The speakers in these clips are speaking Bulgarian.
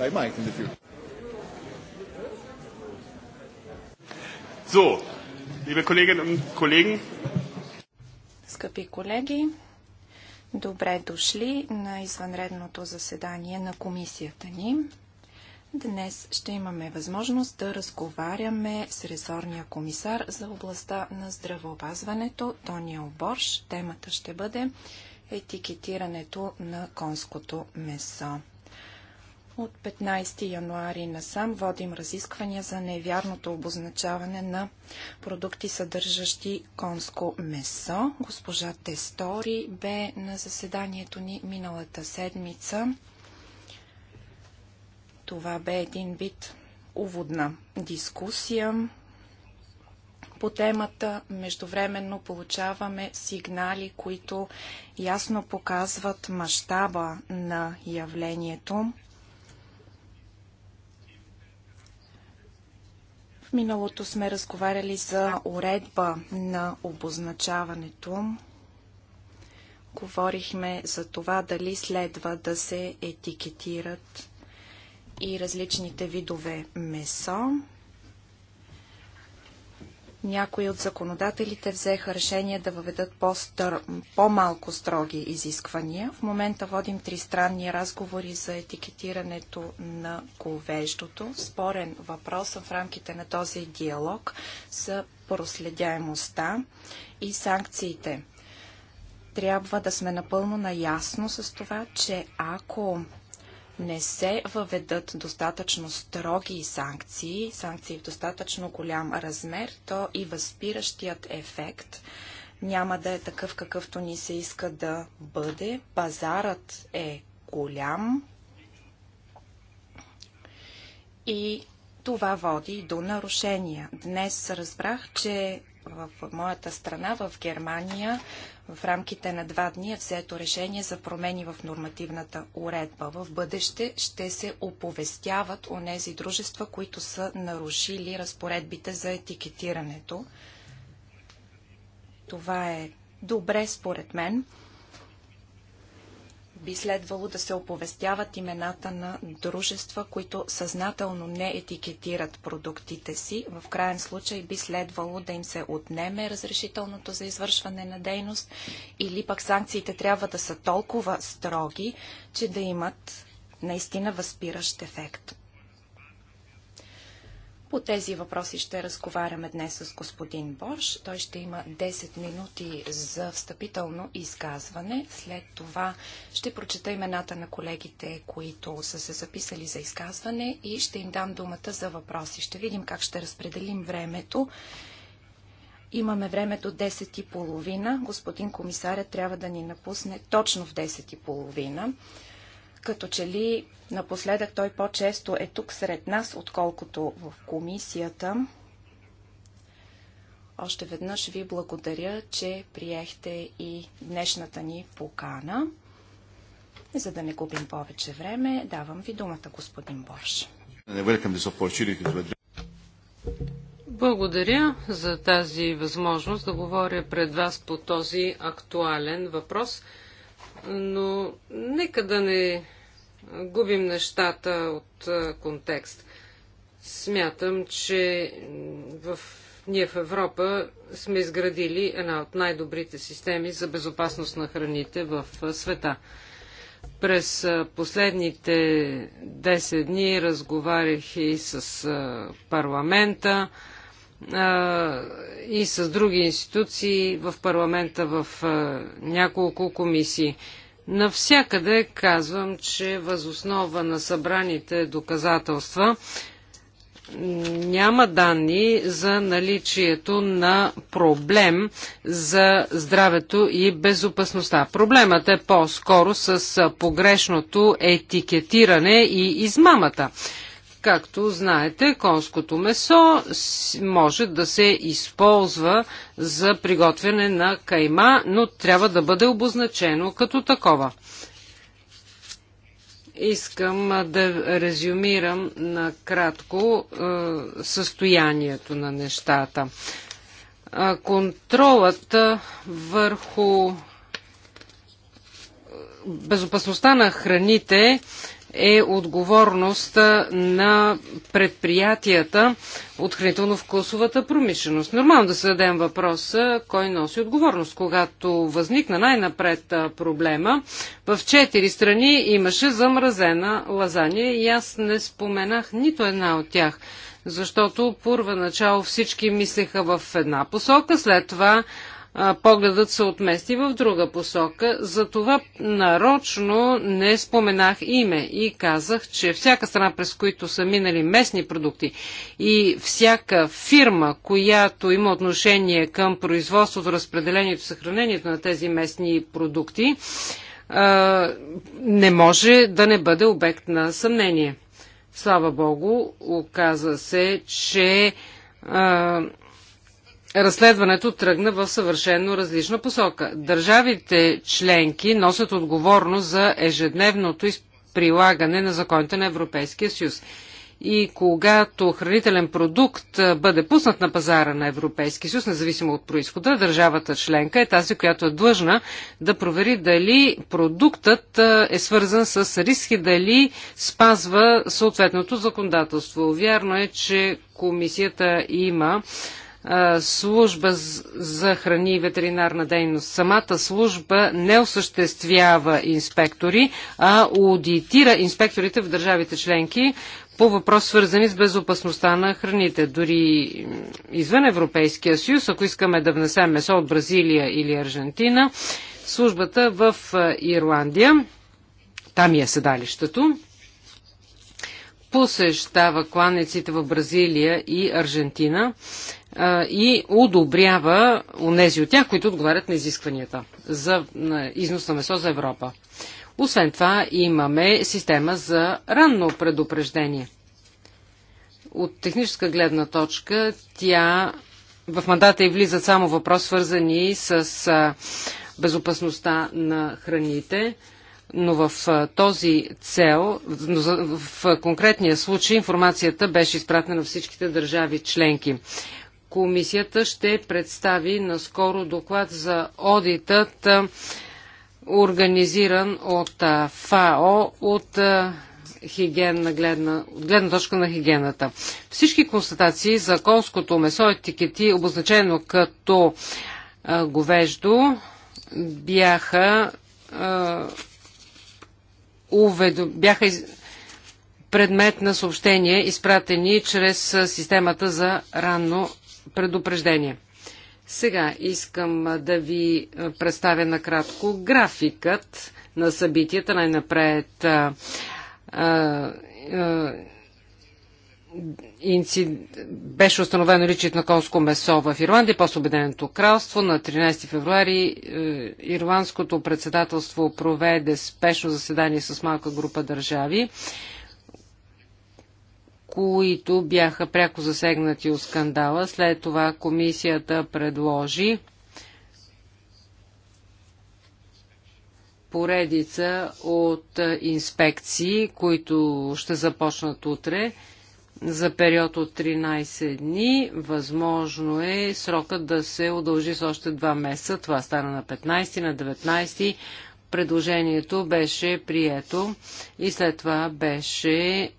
they make in the future. So, liebe Kolleginnen und Kollegen. Скъпи колеги, добре дошли на извънредното заседание на комисията ни. Днес ще имаме възможност да разговаряме с резорния комисар за областта на здравеопазването Тонио Борш. Темата ще бъде етикетирането на конското месо. От 15 януари насам водим разисквания за невярното обозначаване на продукти, съдържащи конско месо. Госпожа Тестори бе на заседанието ни миналата седмица. Това бе един вид уводна дискусия по темата. Междувременно получаваме сигнали, които ясно показват мащаба на явлението. миналото сме разговаряли за уредба на обозначаването. Говорихме за това дали следва да се етикетират и различните видове месо. Някои от законодателите взеха решение да въведат по-малко строги изисквания. В момента водим тристранни разговори за етикетирането на ковеждото. Спорен въпрос в рамките на този диалог са проследяемостта и санкциите. Трябва да сме напълно наясно с това, че ако не се въведат достатъчно строги санкции, санкции в достатъчно голям размер, то и възпиращият ефект няма да е такъв какъвто ни се иска да бъде. Пазарът е голям и това води до нарушения. Днес разбрах, че в моята страна, в Германия, в рамките на два дни е взето решение за промени в нормативната уредба. В бъдеще ще се оповестяват нези дружества, които са нарушили разпоредбите за етикетирането. Това е добре според мен би следвало да се оповестяват имената на дружества, които съзнателно не етикетират продуктите си. В крайен случай би следвало да им се отнеме разрешителното за извършване на дейност или пък санкциите трябва да са толкова строги, че да имат наистина възпиращ ефект. По тези въпроси ще разговаряме днес с господин Борш. Той ще има 10 минути за встъпително изказване. След това ще прочета имената на колегите, които са се записали за изказване и ще им дам думата за въпроси. Ще видим как ще разпределим времето. Имаме време до 10.30. Господин комисаря трябва да ни напусне точно в 10.30. Като че ли напоследък той по-често е тук сред нас, отколкото в комисията. Още веднъж ви благодаря, че приехте и днешната ни покана. За да не губим повече време, давам ви думата, господин Борш. Благодаря за тази възможност да говоря пред вас по този актуален въпрос – но нека да не губим нещата от контекст. Смятам, че в, ние в Европа сме изградили една от най-добрите системи за безопасност на храните в света. През последните 10 дни разговарях и с парламента, и с други институции в парламента, в няколко комисии. Навсякъде казвам, че възоснова на събраните доказателства няма данни за наличието на проблем за здравето и безопасността. Проблемът е по-скоро с погрешното етикетиране и измамата. Както знаете, конското месо може да се използва за приготвяне на кайма, но трябва да бъде обозначено като такова. Искам да резюмирам накратко е, състоянието на нещата. Контролът върху безопасността на храните е отговорност на предприятията от хранително-вкусовата промишленост. Нормално да се дадем въпроса кой носи отговорност. Когато възникна най-напред проблема, в четири страни имаше замразена лазания и аз не споменах нито една от тях. Защото първоначало всички мислеха в една посока, след това погледът се отмести в друга посока. Затова нарочно не споменах име и казах, че всяка страна, през които са минали местни продукти и всяка фирма, която има отношение към производството, разпределението, съхранението на тези местни продукти, не може да не бъде обект на съмнение. Слава Богу, оказа се, че разследването тръгна в съвършенно различна посока. Държавите членки носят отговорност за ежедневното прилагане на законите на Европейския съюз. И когато хранителен продукт бъде пуснат на пазара на Европейския съюз, независимо от происхода, държавата членка е тази, която е длъжна да провери дали продуктът е свързан с риски, дали спазва съответното законодателство. Вярно е, че комисията има служба за храни и ветеринарна дейност. Самата служба не осъществява инспектори, а аудитира инспекторите в държавите членки по въпрос свързани с безопасността на храните. Дори извън Европейския съюз, ако искаме да внесем месо от Бразилия или Аржентина, службата в Ирландия, там е седалището, посещава кланиците в Бразилия и Аржентина а, и одобрява онези от тях, които отговарят на изискванията за на износ на месо за Европа. Освен това имаме система за ранно предупреждение. От техническа гледна точка тя в мандата и влизат само въпрос, свързани с безопасността на храните но в този цел, в конкретния случай, информацията беше изпратена на всичките държави членки. Комисията ще представи наскоро доклад за одитът, организиран от ФАО от хигиена, гледна, гледна точка на хигиената. Всички констатации за конското месо етикети, обозначено като говеждо, бяха уведом... бяха из... предмет на съобщения, изпратени чрез системата за ранно предупреждение. Сега искам да ви представя накратко графикът на събитията. Най-напред инцид... беше установено личието на конско месо в Ирландия, после Обединеното кралство. На 13 февруари е, Ирландското председателство проведе спешно заседание с малка група държави, които бяха пряко засегнати от скандала. След това комисията предложи поредица от е, инспекции, които ще започнат утре за период от 13 дни. Възможно е срокът да се удължи с още 2 месеца. Това стана на 15, на 19. Предложението беше прието и след това беше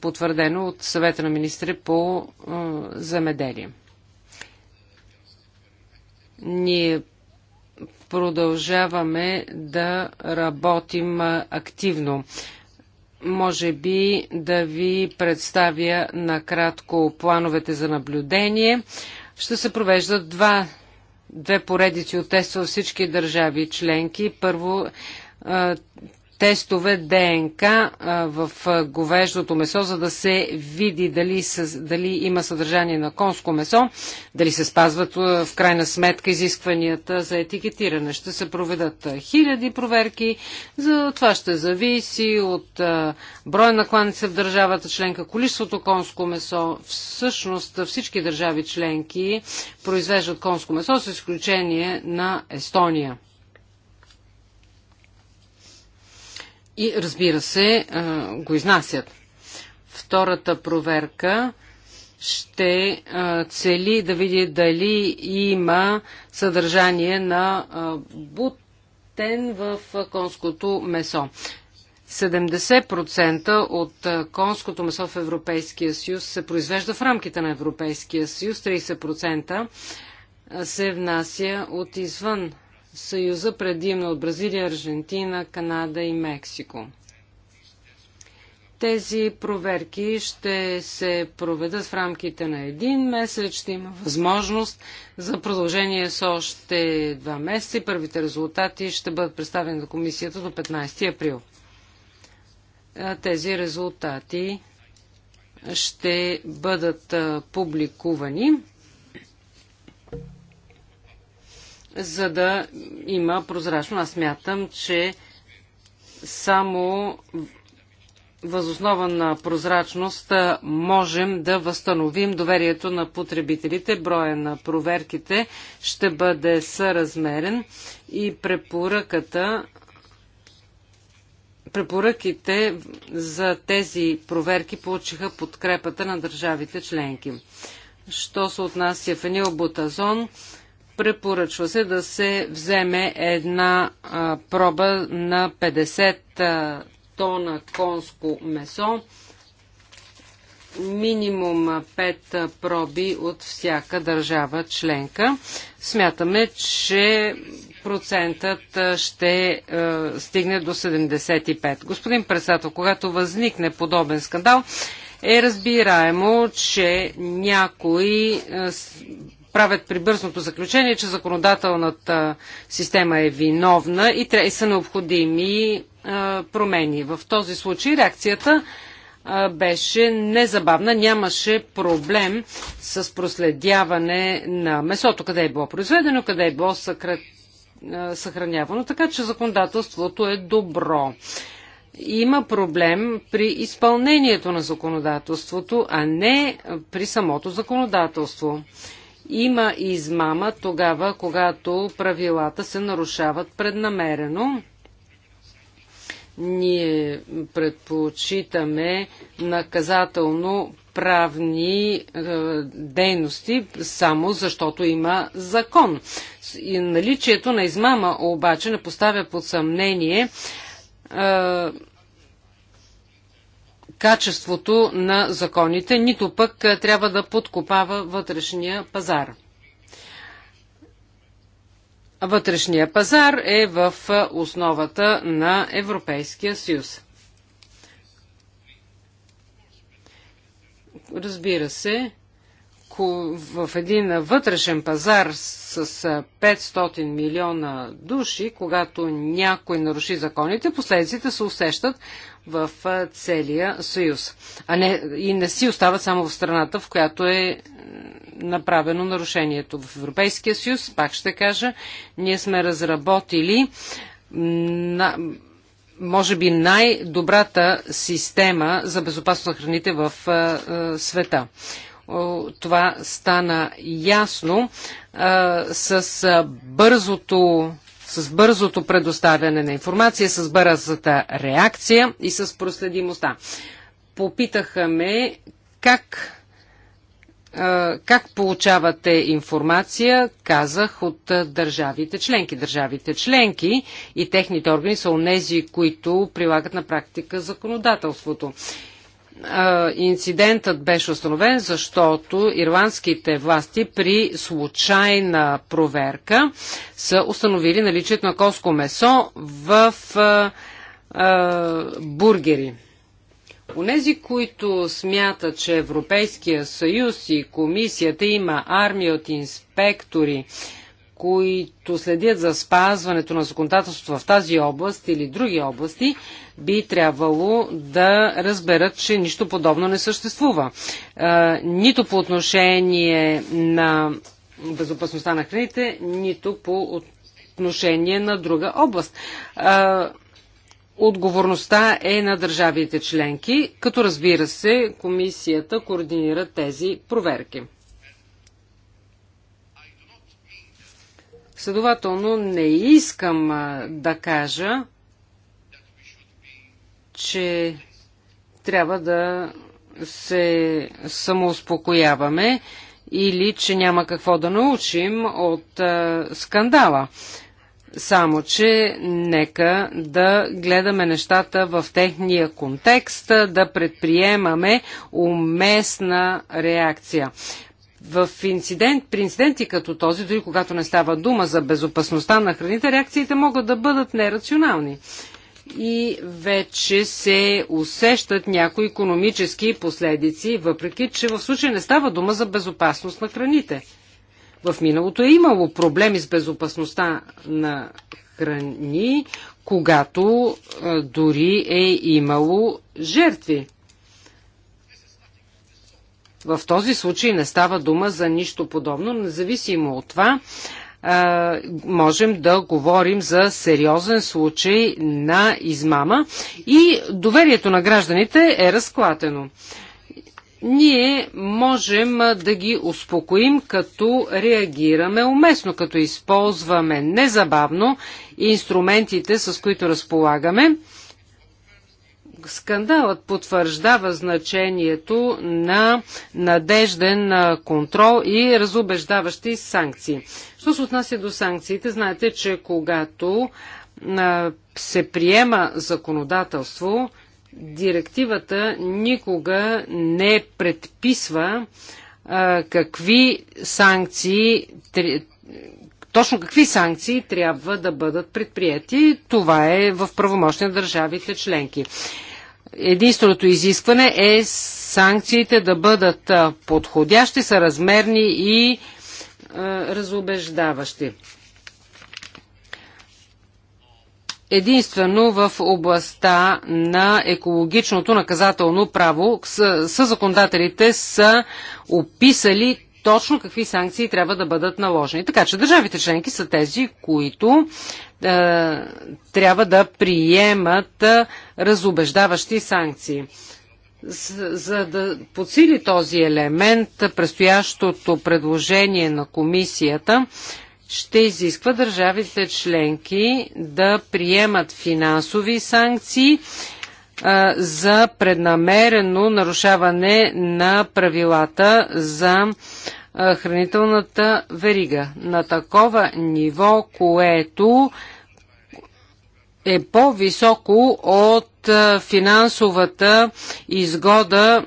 потвърдено от съвета на министри по замеделие. Ние продължаваме да работим активно може би да ви представя накратко плановете за наблюдение. Ще се провеждат два, две поредици от теста във всички държави членки. Първо, тестове ДНК в говеждото месо, за да се види дали, дали има съдържание на конско месо, дали се спазват в крайна сметка изискванията за етикетиране. Ще се проведат хиляди проверки, за това ще зависи от броя на кланица в държавата членка, количеството конско месо. Всъщност всички държави членки произвеждат конско месо, с изключение на Естония. и разбира се, го изнасят. Втората проверка ще цели да види дали има съдържание на бутен в конското месо. 70% от конското месо в Европейския съюз се произвежда в рамките на Европейския съюз, 30% се внася от извън Съюза, предимно от Бразилия, Аржентина, Канада и Мексико. Тези проверки ще се проведат в рамките на един месец. Ще има възможност за продължение с още два месеца. Първите резултати ще бъдат представени на комисията до 15 април. Тези резултати ще бъдат публикувани за да има прозрачно. Аз мятам, че само възоснова на прозрачност можем да възстановим доверието на потребителите. Броя на проверките ще бъде съразмерен и препоръката препоръките за тези проверки получиха подкрепата на държавите членки. Що се отнася Енил Бутазон, Препоръчва се да се вземе една а, проба на 50 а, тона конско месо, минимум 5 проби от всяка държава членка. Смятаме, че процентът ще е, стигне до 75. Господин председател, когато възникне подобен скандал, е разбираемо, че някои е, правят прибързното заключение, че законодателната система е виновна и, са необходими промени. В този случай реакцията беше незабавна, нямаше проблем с проследяване на месото, къде е било произведено, къде е било съхранявано, така че законодателството е добро има проблем при изпълнението на законодателството, а не при самото законодателство има измама тогава, когато правилата се нарушават преднамерено. Ние предпочитаме наказателно правни е, дейности, само защото има закон. И наличието на измама обаче не поставя под съмнение е, качеството на законите, нито пък е, трябва да подкопава вътрешния пазар. Вътрешния пазар е в е, основата на Европейския съюз. Разбира се, в един вътрешен пазар с 500 милиона души, когато някой наруши законите, последиците се усещат в целия съюз. А не, и не си остават само в страната, в която е направено нарушението. В Европейския съюз, пак ще кажа, ние сме разработили на, може би най-добрата система за безопасност на храните в а, а, света. Това стана ясно с бързото с бързото предоставяне на информация, с бързата реакция и с проследимостта. Попитаха ме как, как получавате информация, казах, от държавите членки. Държавите членки и техните органи са онези, които прилагат на практика законодателството инцидентът беше установен, защото ирландските власти при случайна проверка са установили наличието на коско месо в а, а, бургери. Онези, които смятат, че Европейския съюз и комисията има армия от инспектори, които следят за спазването на законодателството в тази област или други области, би трябвало да разберат, че нищо подобно не съществува. нито по отношение на безопасността на храните, нито по отношение на друга област. отговорността е на държавите членки, като разбира се, комисията координира тези проверки. Следователно, не искам да кажа, че трябва да се самоуспокояваме или че няма какво да научим от а, скандала. Само, че нека да гледаме нещата в техния контекст, да предприемаме уместна реакция в инцидент, при инциденти като този, дори когато не става дума за безопасността на храните, реакциите могат да бъдат нерационални. И вече се усещат някои економически последици, въпреки че в случай не става дума за безопасност на храните. В миналото е имало проблеми с безопасността на храни, когато е, дори е имало жертви. В този случай не става дума за нищо подобно, независимо от това можем да говорим за сериозен случай на измама и доверието на гражданите е разклатено. Ние можем да ги успокоим, като реагираме уместно, като използваме незабавно инструментите, с които разполагаме Скандалът потвърждава значението на надежден контрол и разобеждаващи санкции. Що се отнася до санкциите, знаете, че когато се приема законодателство, директивата никога не предписва какви санкции точно какви санкции трябва да бъдат предприяти. Това е в правомощни държавите членки единственото изискване е санкциите да бъдат подходящи, съразмерни и разобеждаващи. Единствено в областта на екологичното наказателно право съзаконодателите са описали точно какви санкции трябва да бъдат наложени. Така че държавите членки са тези, които е, трябва да приемат е, разобеждаващи санкции. За да подсили този елемент, предстоящото предложение на комисията ще изисква държавите членки да приемат финансови санкции е, за преднамерено нарушаване на правилата за хранителната верига на такова ниво, което е по-високо от финансовата изгода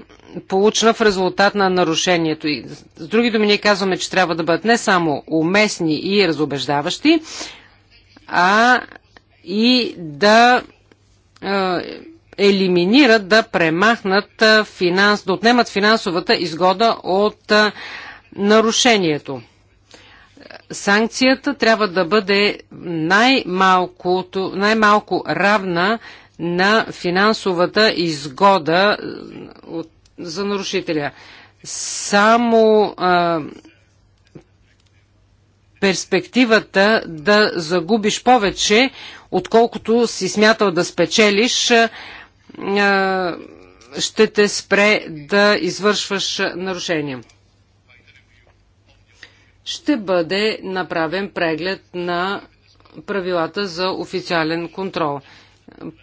получна в резултат на нарушението. И, с други думи, ние казваме, че трябва да бъдат не само уместни и разобеждаващи, а и да е, елиминират, да премахнат финанс, да отнемат финансовата изгода от е, нарушението санкцията трябва да бъде най-малко, най-малко равна на финансовата изгода е, от, за нарушителя. Само а, перспективата да загубиш повече, отколкото си смятал да спечелиш, а, е, е, ще те спре да извършваш нарушения ще бъде направен преглед на правилата за официален контрол.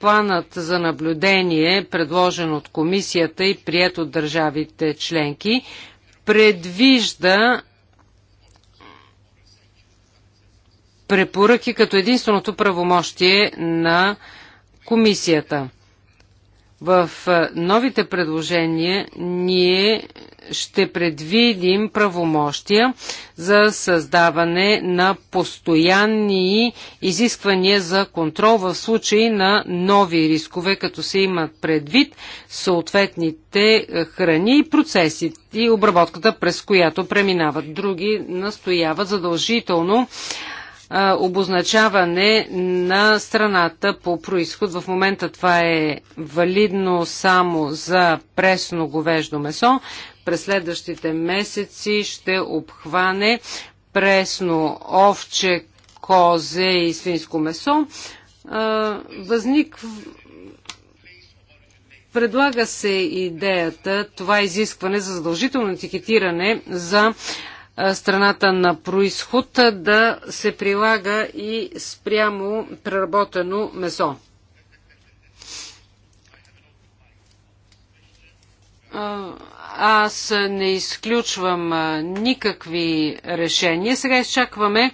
Планът за наблюдение, предложен от комисията и прият от държавите членки, предвижда препоръки като единственото правомощие на комисията. В е, новите предложения ние ще предвидим правомощия за създаване на постоянни изисквания за контрол в случай на нови рискове, като се имат предвид съответните е, храни и процеси и обработката, през която преминават. Други настояват задължително е, обозначаване на страната по происход. В момента това е валидно само за пресно говеждо месо, през следващите месеци ще обхване пресно овче, козе и свинско месо. Възник Предлага се идеята това изискване за задължително етикетиране за страната на происход да се прилага и спрямо преработено месо. Аз не изключвам никакви решения. Сега изчакваме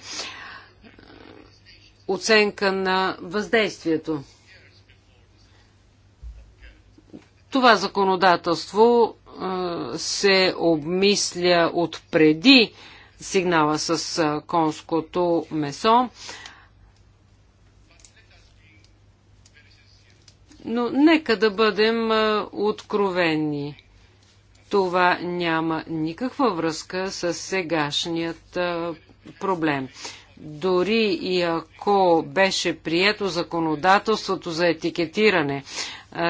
оценка на въздействието. Това законодателство се обмисля от преди сигнала с конското месо. Но нека да бъдем откровени. Това няма никаква връзка с сегашният проблем. Дори и ако беше прието законодателството за етикетиране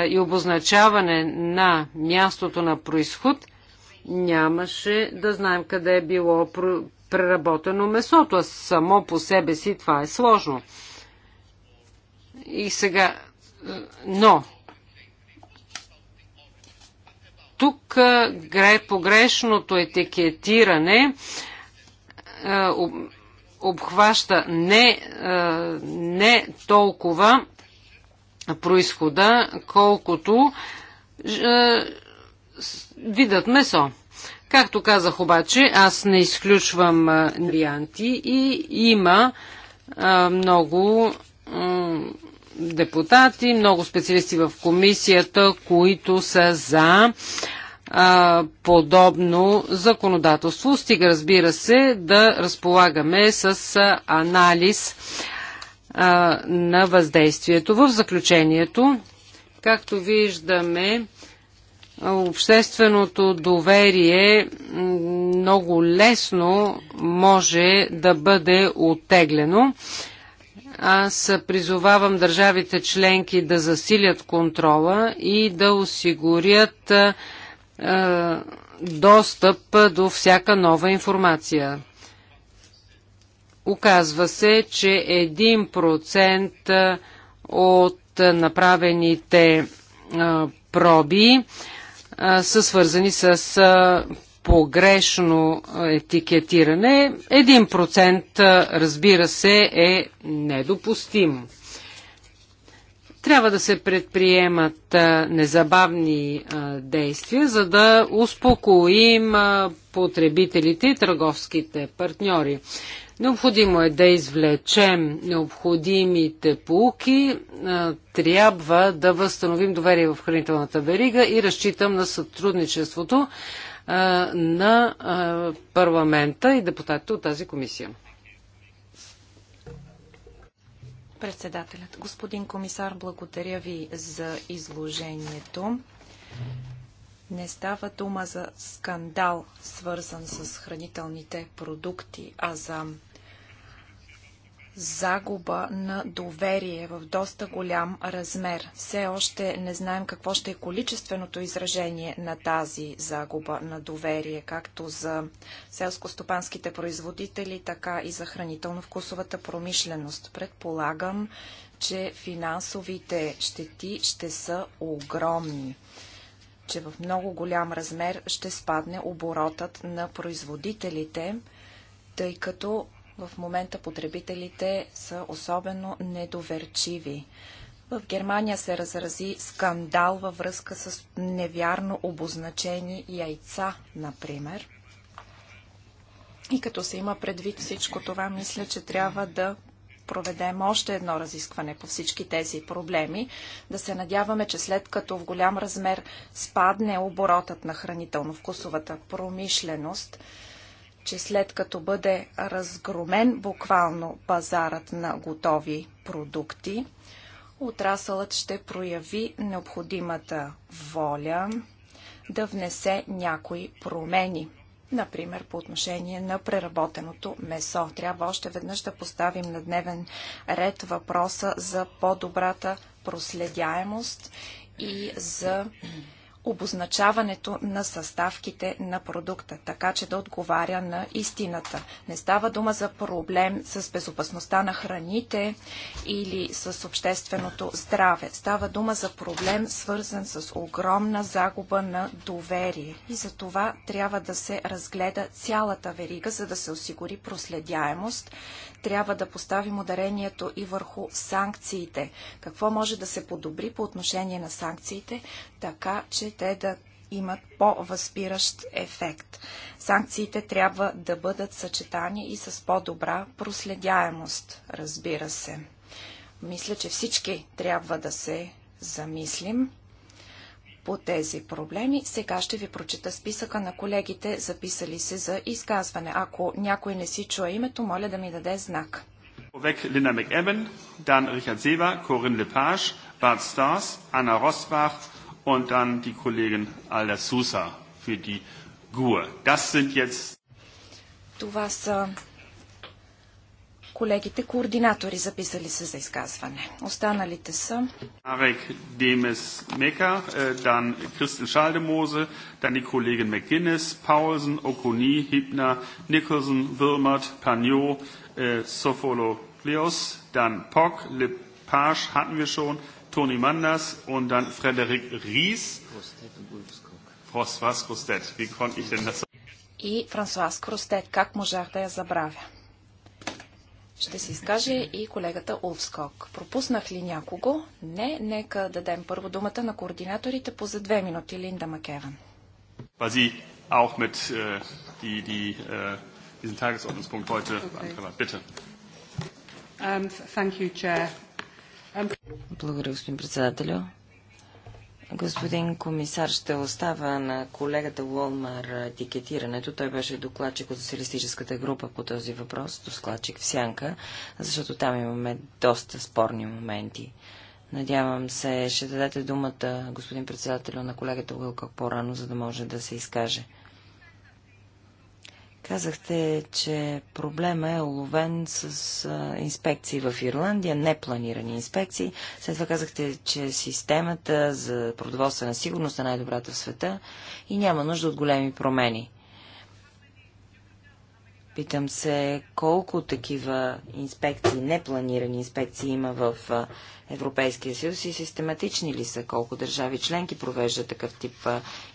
и обозначаване на мястото на происход, нямаше да знаем къде е било преработено месото, а само по себе си това е сложно. И сега, но тук погрешното етикетиране обхваща не, не толкова происхода, колкото видът месо. Както казах обаче, аз не изключвам варианти и има много депутати, много специалисти в комисията, които са за а, подобно законодателство. Стига, разбира се, да разполагаме с анализ а, на въздействието. В заключението, както виждаме, общественото доверие много лесно може да бъде оттеглено. Аз призовавам държавите членки да засилят контрола и да осигурят е, достъп до всяка нова информация. Оказва се, че 1% е, от направените е, проби е, са свързани с погрешно етикетиране. 1% разбира се е недопустим. Трябва да се предприемат незабавни действия, за да успокоим потребителите и търговските партньори. Необходимо е да извлечем необходимите полуки. Трябва да възстановим доверие в хранителната верига и разчитам на сътрудничеството на парламента и депутатите от тази комисия. Председателят. Господин комисар, благодаря ви за изложението. Не става дума за скандал, свързан с хранителните продукти, а за загуба на доверие в доста голям размер. Все още не знаем какво ще е количественото изражение на тази загуба на доверие, както за селско-стопанските производители, така и за хранително-вкусовата промишленост. Предполагам, че финансовите щети ще са огромни че в много голям размер ще спадне оборотът на производителите, тъй като в момента потребителите са особено недоверчиви. В Германия се разрази скандал във връзка с невярно обозначени яйца, например. И като се има предвид всичко това, мисля, че трябва да проведем още едно разискване по всички тези проблеми. Да се надяваме, че след като в голям размер спадне оборотът на хранително-вкусовата промишленост, че след като бъде разгромен буквално пазарът на готови продукти, отрасълът ще прояви необходимата воля да внесе някои промени. Например, по отношение на преработеното месо. Трябва още веднъж да поставим на дневен ред въпроса за по-добрата проследяемост и за обозначаването на съставките на продукта, така че да отговаря на истината. Не става дума за проблем с безопасността на храните или с общественото здраве. Става дума за проблем свързан с огромна загуба на доверие. И за това трябва да се разгледа цялата верига, за да се осигури проследяемост, трябва да поставим ударението и върху санкциите. Какво може да се подобри по отношение на санкциите, така че те да имат по-възпиращ ефект. Санкциите трябва да бъдат съчетани и с по-добра проследяемост, разбира се. Мисля, че всички трябва да се замислим по тези проблеми. Сега ще ви прочита списъка на колегите, записали се за изказване. Ако някой не си чуе името, моля да ми даде знак. E. Това са колегите координатори записали се за изказване. Останалите са... Арек Демес Мека, е, дан Кристин Шалдемозе, дан и колегин Макгинес, Паулсен, Окуни, Хипна, Николсен, Вилмат, Паньо, е, Софоло Клиос, дан Пок, Лепаш hatten wir schon, Тони Мандас, и дан Фредерик Рис, Фросвас Крустет. Крустет. Как можах да я забравя? Ще се изкаже и колегата Улфскок. Пропуснах ли някого? Не, нека дадем първо думата на координаторите по за две минути. Линда Макеван. Бази, auch mit äh, die, die, äh, diesen Tagesordnungspunkt heute okay. Bitte. Um, thank you, Chair. Um... Благодаря, господин председателю. Господин комисар, ще остава на колегата Уолмар етикетирането. Той беше докладчик от социалистическата група по този въпрос, докладчик в Сянка, защото там имаме доста спорни моменти. Надявам се, ще дадете думата, господин председател, на колегата Уилка по-рано, за да може да се изкаже. Казахте, че проблема е уловен с а, инспекции в Ирландия, непланирани инспекции. След това казахте, че системата за продоволствена сигурност е най-добрата в света и няма нужда от големи промени. Питам се колко такива инспекции, непланирани инспекции има в Европейския съюз и систематични ли са? Колко държави членки провеждат такъв тип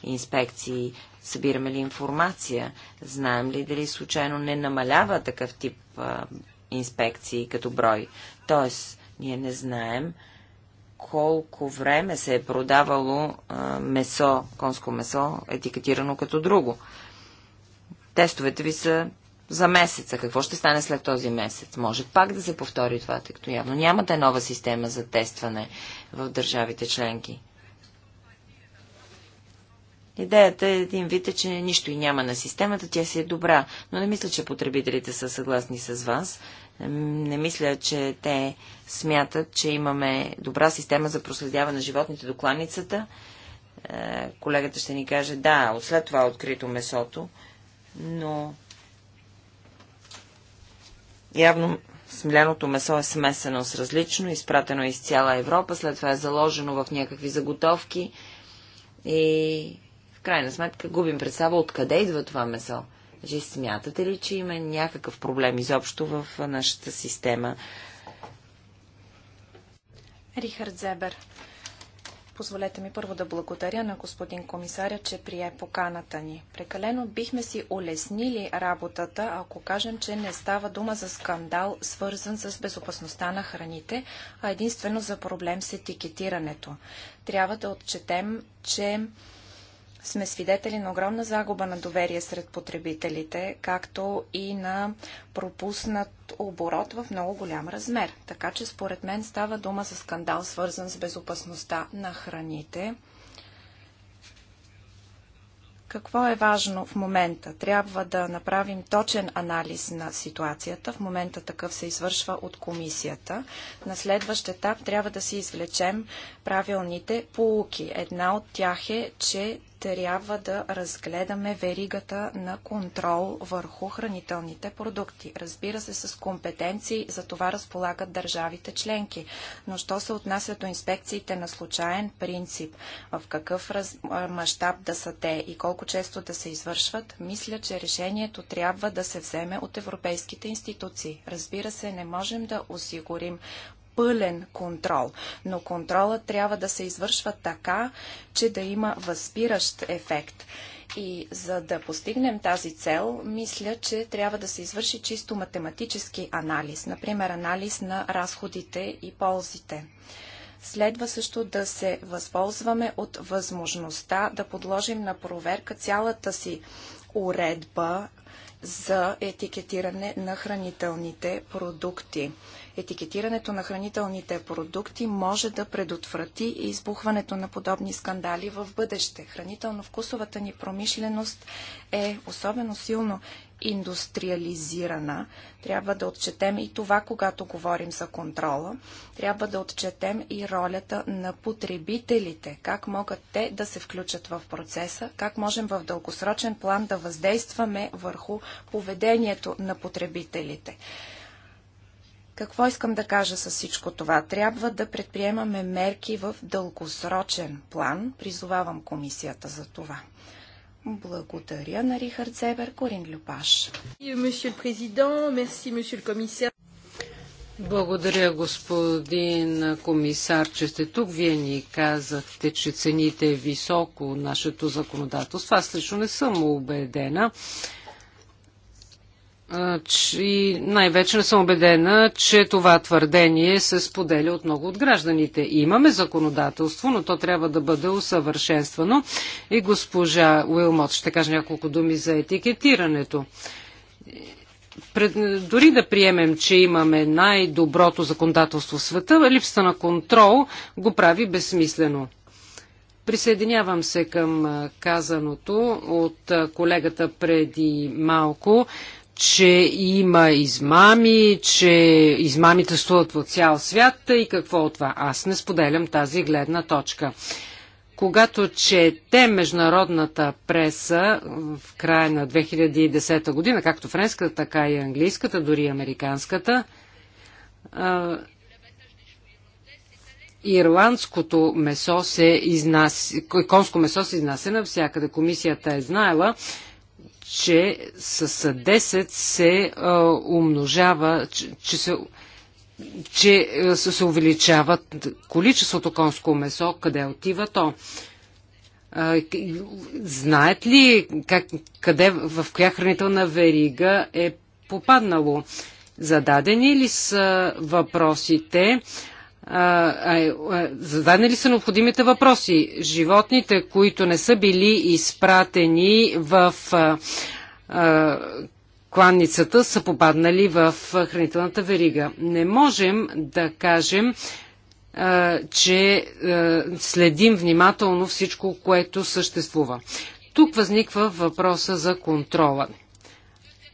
инспекции? Събираме ли информация? Знаем ли дали случайно не намалява такъв тип инспекции като брой? Тоест, ние не знаем колко време се е продавало месо, конско месо, етикетирано като друго. Тестовете ви са за месеца. Какво ще стане след този месец? Може пак да се повтори това, тъй като явно е нова система за тестване в държавите членки. Идеята е един вид, е, че нищо и няма на системата, тя си е добра, но не мисля, че потребителите са съгласни с вас. Не мисля, че те смятат, че имаме добра система за проследяване на животните до кланицата. Е, колегата ще ни каже, да, след това е открито месото, но Явно смляното месо е смесено с различно, изпратено из цяла Европа, след това е заложено в някакви заготовки и в крайна сметка губим представа откъде идва това месо. Же значи, смятате ли, че има някакъв проблем изобщо в нашата система? Рихард Зебер. Позволете ми първо да благодаря на господин комисаря, че прие поканата ни. Прекалено бихме си улеснили работата, ако кажем, че не става дума за скандал, свързан с безопасността на храните, а единствено за проблем с етикетирането. Трябва да отчетем, че сме свидетели на огромна загуба на доверие сред потребителите, както и на пропуснат оборот в много голям размер. Така че според мен става дума за скандал, свързан с безопасността на храните. Какво е важно в момента? Трябва да направим точен анализ на ситуацията. В момента такъв се извършва от комисията. На следващ етап трябва да си извлечем правилните полуки. Една от тях е, че трябва да разгледаме веригата на контрол върху хранителните продукти. Разбира се, с компетенции за това разполагат държавите членки. Но що се отнася до инспекциите на случайен принцип, в какъв раз... мащаб да са те и колко често да се извършват, мисля, че решението трябва да се вземе от европейските институции. Разбира се, не можем да осигурим пълен контрол, но контролът трябва да се извършва така, че да има възпиращ ефект. И за да постигнем тази цел, мисля, че трябва да се извърши чисто математически анализ, например анализ на разходите и ползите. Следва също да се възползваме от възможността да подложим на проверка цялата си уредба за етикетиране на хранителните продукти етикетирането на хранителните продукти може да предотврати избухването на подобни скандали в бъдеще. Хранително-вкусовата ни промишленост е особено силно индустриализирана. Трябва да отчетем и това, когато говорим за контрола. Трябва да отчетем и ролята на потребителите. Как могат те да се включат в процеса? Как можем в дългосрочен план да въздействаме върху поведението на потребителите? Какво искам да кажа с всичко това? Трябва да предприемаме мерки в дългосрочен план. Призовавам комисията за това. Благодаря на Рихард Себер, Корин Люпаш. Благодаря, господин комисар, че сте тук. Вие ни казахте, че цените е високо нашето законодателство. Аз лично не съм убедена и най-вече не съм убедена, че това твърдение се споделя от много от гражданите. Имаме законодателство, но то трябва да бъде усъвършенствано. И госпожа Уилмот ще каже няколко думи за етикетирането. Пред, дори да приемем, че имаме най-доброто законодателство в света, липсата на контрол го прави безсмислено. Присъединявам се към казаното от колегата преди малко че има измами, че измамите стоят в цял свят и какво от това. Аз не споделям тази гледна точка. Когато чете международната преса в края на 2010 година, както френската, така и английската, дори и американската, ирландското месо се изнася, конско месо се изнася навсякъде. Комисията е знаела, че с 10 се а, умножава, че, че се че се, се увеличават количеството конско месо, къде отива то. А, знаят ли как, къде, в коя хранителна верига е попаднало? Зададени ли са въпросите зададени ли са необходимите въпроси? Животните, които не са били изпратени в а, а, кланницата, са попаднали в хранителната верига. Не можем да кажем, а, че следим внимателно всичко, което съществува. Тук възниква въпроса за контрола.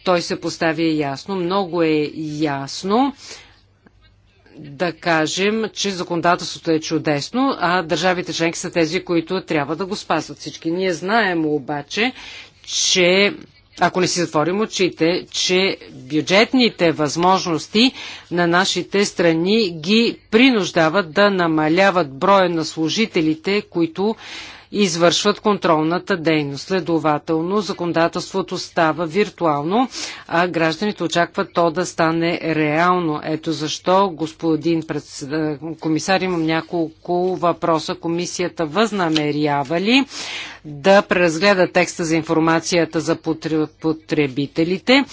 Той се поставя ясно, много е ясно да кажем, че законодателството е чудесно, а държавите членки са тези, които трябва да го спазват всички. Ние знаем обаче, че ако не си затворим очите, че бюджетните възможности на нашите страни ги принуждават да намаляват броя на служителите, които извършват контролната дейност. Следователно, законодателството става виртуално, а гражданите очакват то да стане реално. Ето защо, господин пред... Е, комисар, имам няколко въпроса. Комисията възнамерява ли да преразгледа текста за информацията за потребителите?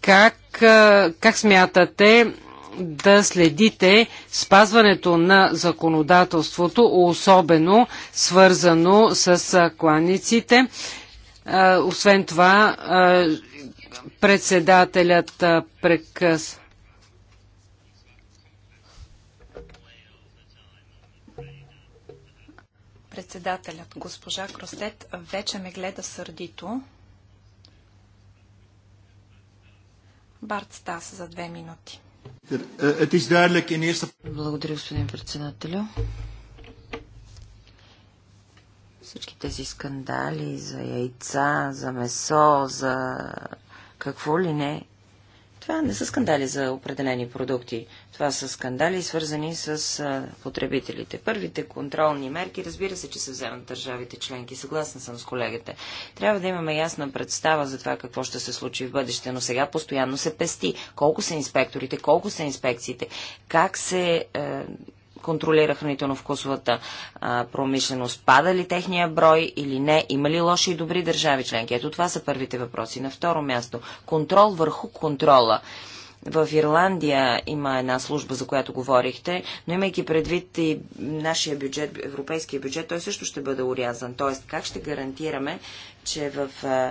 Как, е, как смятате да следите спазването на законодателството, особено свързано с кланиците. Освен това, председателят прекъсва. Председателят, госпожа Кростет, вече ме гледа сърдито. Барт Стас за две минути. Благодаря, господин председателю. Всички тези скандали за яйца, за месо, за какво ли не, това не са скандали за определени продукти. Това са скандали, свързани с а, потребителите. Първите контролни мерки, разбира се, че се вземат държавите членки. Съгласна съм с колегите. Трябва да имаме ясна представа за това какво ще се случи в бъдеще, но сега постоянно се пести. Колко са инспекторите, колко са инспекциите, как се А, е, контролира хранително-вкусовата промишленост? Пада ли техния брой или не? Има ли лоши и добри държави членки? Ето това са първите въпроси. На второ място, контрол върху контрола. В Ирландия има една служба, за която говорихте, но имайки предвид и нашия бюджет, европейския бюджет, той също ще бъде урязан. Тоест, как ще гарантираме, че в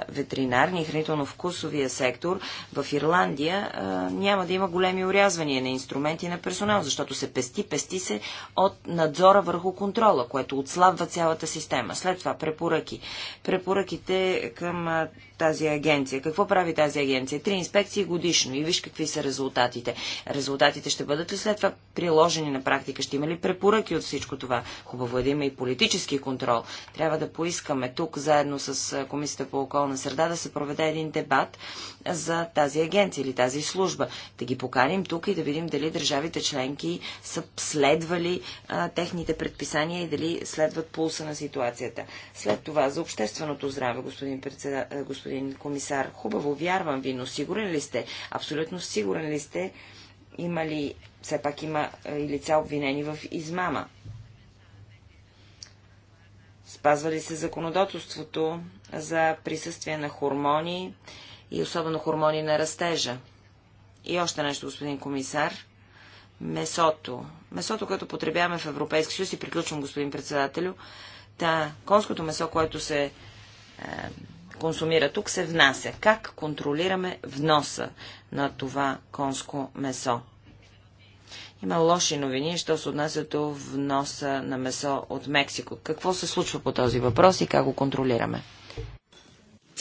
ветеринарния и хранително-вкусовия сектор в Ирландия няма да има големи урязвания на инструменти и на персонал, защото се пести, пести се от надзора върху контрола, което отслабва цялата система. След това препоръки. Препоръките към тази агенция. Какво прави тази агенция? Три инспекции годишно и виж какви са резултатите. Резултатите ще бъдат ли след това приложени на практика? Ще има ли препоръки от всичко това? Хубаво е да има и политически контрол. Трябва да поискаме тук заедно с Комисията по околна среда да се проведе един дебат за тази агенция или тази служба. Да ги поканим тук и да видим дали държавите членки са следвали а, техните предписания и дали следват пулса на ситуацията. След това за общественото здраве, господин, председа... господин комисар, хубаво вярвам ви, но сигурен ли сте? Абсолютно сигурен ли сте? Има ли, все пак има и лица обвинени в измама? Спазва ли се законодателството за присъствие на хормони и особено хормони на растежа. И още нещо, господин комисар. Месото. Месото, което потребяваме в Европейски съюз, и приключвам, господин председателю, та конското месо, което се е, консумира тук, се внася. Как контролираме вноса на това конско месо? Има лоши новини, що се отнася до вноса на месо от Мексико. Какво се случва по този въпрос и как го контролираме?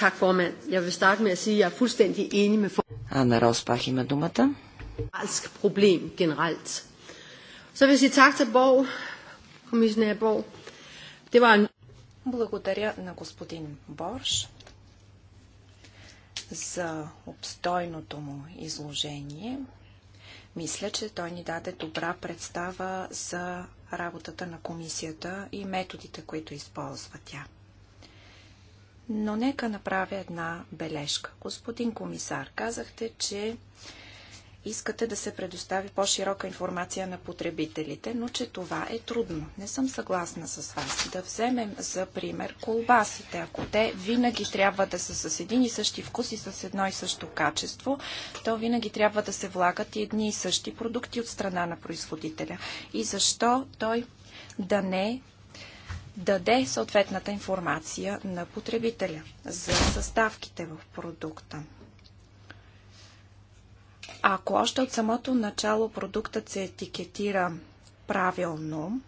Tak, formand. Jeg vil starte med at sige, at jeg er fuldstændig enig med... Anna Rosbach има думата. ...alsk problem generelt. Så vil jeg sige tak til Borg, kommissionær Borg. Det var en... Благодаря на господин Борш за обстойното му изложение. Мисля, че той ни даде добра представа за работата на комисията и методите, които използва тя. Но нека направя една бележка. Господин комисар, казахте, че искате да се предостави по-широка информация на потребителите, но че това е трудно. Не съм съгласна с вас. Да вземем за пример колбасите. Ако те винаги трябва да са с един и същи вкус и с едно и също качество, то винаги трябва да се влагат и едни и същи продукти от страна на производителя. И защо той да не даде съответната информация на потребителя за съставките в продукта. Ако още от самото начало продуктът се етикетира правилно,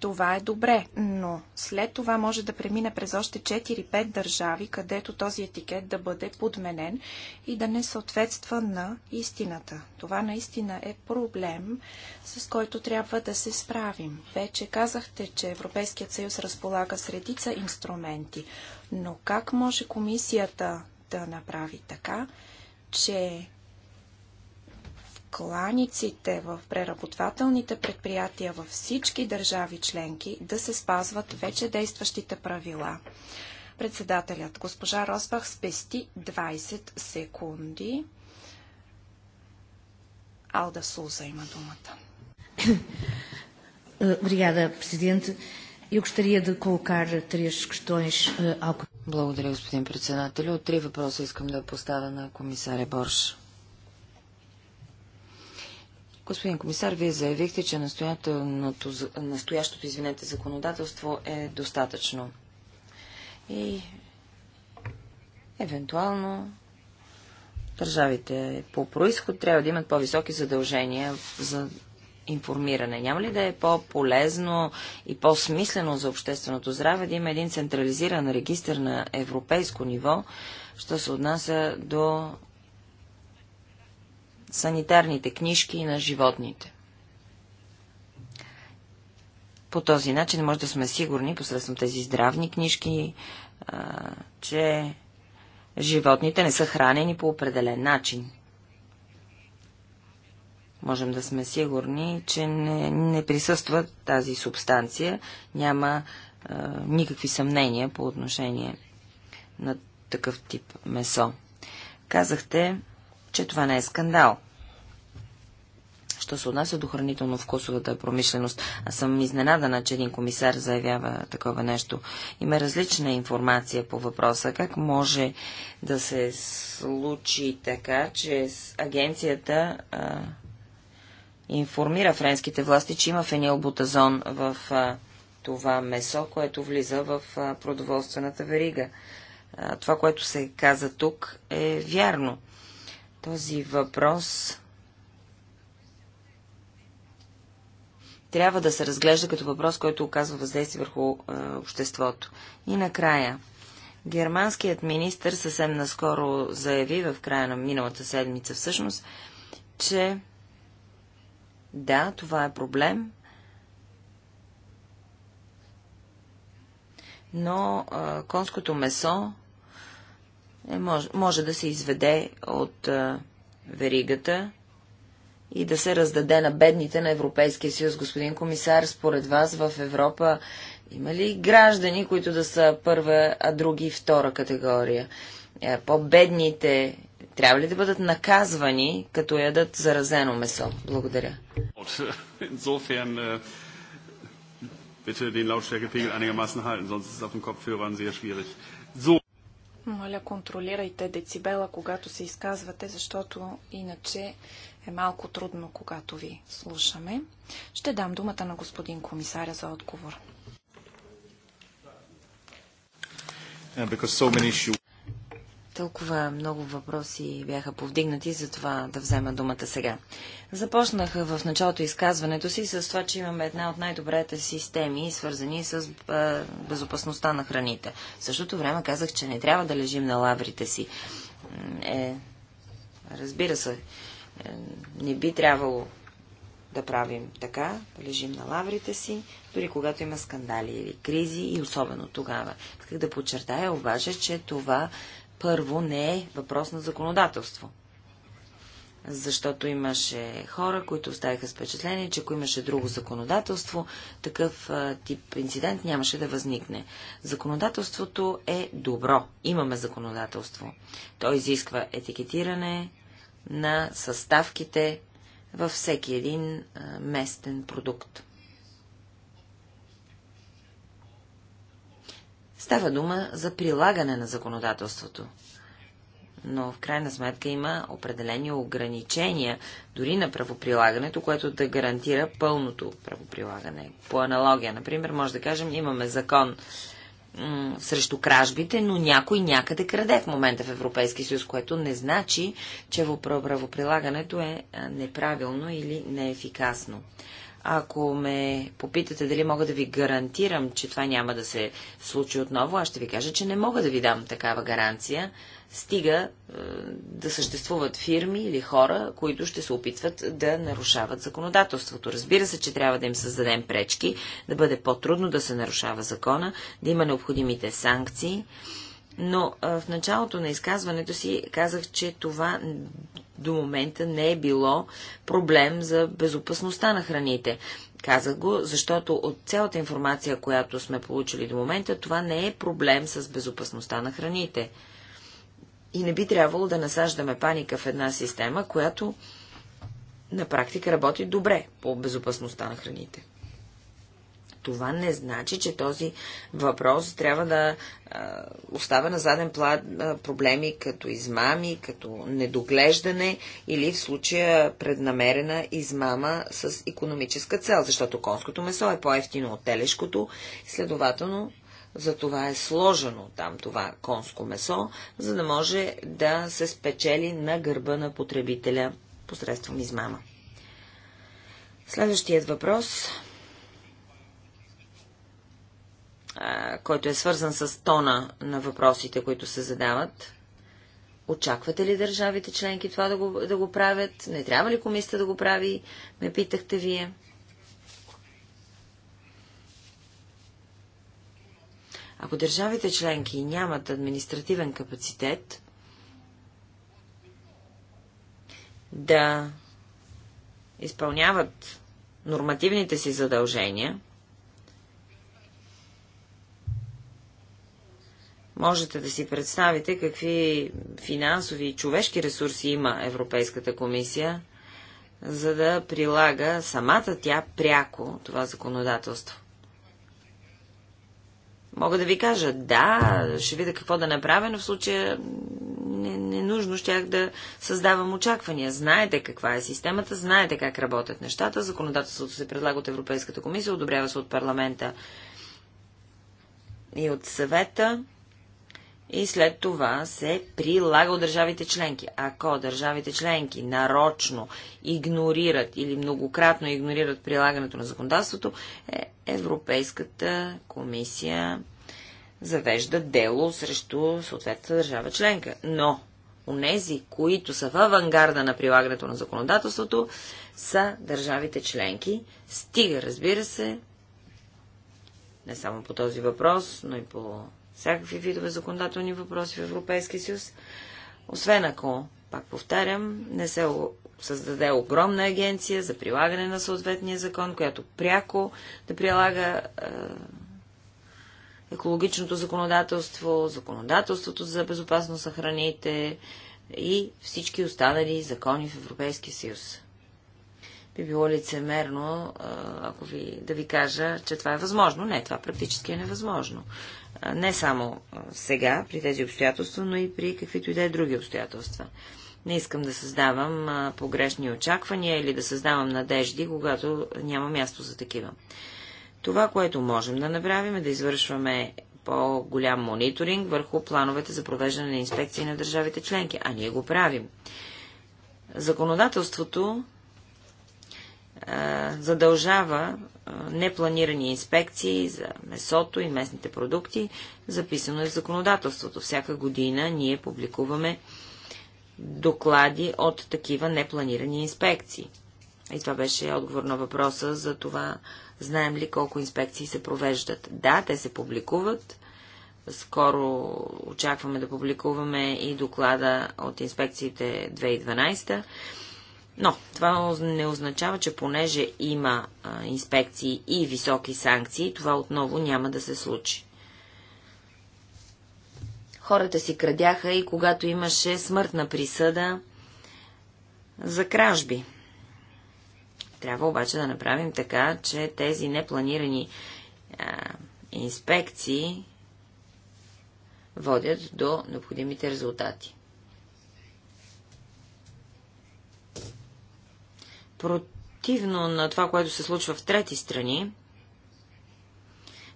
това е добре, но след това може да премине през още 4-5 държави, където този етикет да бъде подменен и да не съответства на истината. Това наистина е проблем, с който трябва да се справим. Вече казахте, че Европейският съюз разполага с редица инструменти, но как може комисията да направи така, че кланиците, в преработвателните предприятия във всички държави членки да се спазват вече действащите правила. Председателят госпожа Росбах спести 20 секунди. Алда Суза има думата. Obrigada, Presidente. Eu gostaria de colocar três questões ao... Благодаря, господин председател. От три въпроса искам да поставя на комисаря Борш. Господин комисар, вие заявихте, че настоящото извинете, законодателство е достатъчно. И евентуално държавите по происход трябва да имат по-високи задължения за информиране. Няма ли да е по-полезно и по-смислено за общественото здраве да има един централизиран регистр на европейско ниво, що се отнася до санитарните книжки на животните. По този начин може да сме сигурни, посредством тези здравни книжки, че животните не са хранени по определен начин. Можем да сме сигурни, че не, не присъства тази субстанция, няма е, никакви съмнения по отношение на такъв тип месо. Казахте, че това не е скандал. Що се отнася до хранително-вкусовата промишленост, аз съм изненадана, че един комисар заявява такова нещо. Има различна информация по въпроса. Как може да се случи така, че агенцията а, информира френските власти, че има фенилбутазон в а, това месо, което влиза в а, продоволствената верига? А, това, което се каза тук, е вярно. Този въпрос трябва да се разглежда като въпрос, който оказва въздействие върху е, обществото. И накрая, германският министр съвсем наскоро заяви в края на миналата седмица всъщност, че да, това е проблем, но е, конското месо е, може, може да се изведе от а, веригата и да се раздаде на бедните на Европейския съюз. Господин комисар, според вас в Европа има ли граждани, които да са първа, а други втора категория? Е, по-бедните трябва ли да бъдат наказвани, като ядат заразено месо? Благодаря. Äh, bitte den Lautstärkepegel einigermaßen halten, sonst ist es auf dem Kopfhörern sehr schwierig. So. Моля, контролирайте децибела, когато се изказвате, защото иначе е малко трудно, когато ви слушаме. Ще дам думата на господин комисаря за отговор. So many... Толкова много въпроси бяха повдигнати за това да взема думата сега. Започнах в началото изказването си с това, че имаме една от най-добрите системи, свързани с безопасността на храните. В същото време казах, че не трябва да лежим на лаврите си. Е, разбира се, е, не би трябвало да правим така, да лежим на лаврите си, дори когато има скандали или кризи и особено тогава. Исках да подчертая обаче, че това първо не е въпрос на законодателство. Защото имаше хора, които оставиха с впечатление, че ако имаше друго законодателство, такъв а, тип инцидент нямаше да възникне. Законодателството е добро. Имаме законодателство. То изисква етикетиране на съставките във всеки един а, местен продукт. Става дума за прилагане на законодателството. Но в крайна сметка има определени ограничения дори на правоприлагането, което да гарантира пълното правоприлагане. По аналогия, например, може да кажем, имаме закон срещу кражбите, но някой някъде краде в момента в Европейския съюз, което не значи, че правоприлагането е неправилно или неефикасно. Ако ме попитате дали мога да ви гарантирам, че това няма да се случи отново, аз ще ви кажа, че не мога да ви дам такава гаранция. Стига е, да съществуват фирми или хора, които ще се опитват да нарушават законодателството. Разбира се, че трябва да им създадем пречки, да бъде по-трудно да се нарушава закона, да има необходимите санкции. Но е, в началото на изказването си казах, че това до момента не е било проблем за безопасността на храните. Казах го, защото от цялата информация, която сме получили до момента, това не е проблем с безопасността на храните. И не би трябвало да насаждаме паника в една система, която на практика работи добре по безопасността на храните. Това не значи, че този въпрос трябва да остава на заден план проблеми като измами, като недоглеждане или в случая преднамерена измама с економическа цел, защото конското месо е по-ефтино от телешкото, следователно затова е сложено там това конско месо, за да може да се спечели на гърба на потребителя посредством измама. Следващият въпрос който е свързан с тона на въпросите, които се задават. Очаквате ли държавите членки това да го, да го правят? Не трябва ли комисията да го прави? Ме питахте вие. Ако държавите членки нямат административен капацитет да изпълняват нормативните си задължения, Можете да си представите какви финансови и човешки ресурси има Европейската комисия, за да прилага самата тя пряко това законодателство. Мога да ви кажа, да, ще видя какво да направя, но в случая не нужно щях да създавам очаквания. Знаете каква е системата, знаете как работят нещата, законодателството се предлага от Европейската комисия, одобрява се от парламента и от съвета и след това се прилага от държавите членки. Ако държавите членки нарочно игнорират или многократно игнорират прилагането на законодателството, е, Европейската комисия завежда дело срещу съответната държава членка. Но онези, които са в авангарда на прилагането на законодателството, са държавите членки. Стига, разбира се, не само по този въпрос, но и по всякакви видове законодателни въпроси в Европейския съюз, освен ако, пак повтарям, не се създаде огромна агенция за прилагане на съответния закон, която пряко да прилага е, екологичното законодателство, законодателството за безопасност на храните и всички останали закони в Европейския съюз. Би било лицемерно, ако ви, да ви кажа, че това е възможно. Не, това практически е невъзможно не само сега, при тези обстоятелства, но и при каквито и да е други обстоятелства. Не искам да създавам погрешни очаквания или да създавам надежди, когато няма място за такива. Това, което можем да направим е да извършваме по-голям мониторинг върху плановете за провеждане на инспекции на държавите членки, а ние го правим. Законодателството задължава непланирани инспекции за месото и местните продукти, записано е в законодателството. Всяка година ние публикуваме доклади от такива непланирани инспекции. И това беше отговор на въпроса за това, знаем ли колко инспекции се провеждат. Да, те се публикуват. Скоро очакваме да публикуваме и доклада от инспекциите 2012. Но това не означава, че понеже има а, инспекции и високи санкции, това отново няма да се случи. Хората си крадяха и когато имаше смъртна присъда за кражби. Трябва обаче да направим така, че тези непланирани а, инспекции водят до необходимите резултати. Противно на това, което се случва в трети страни,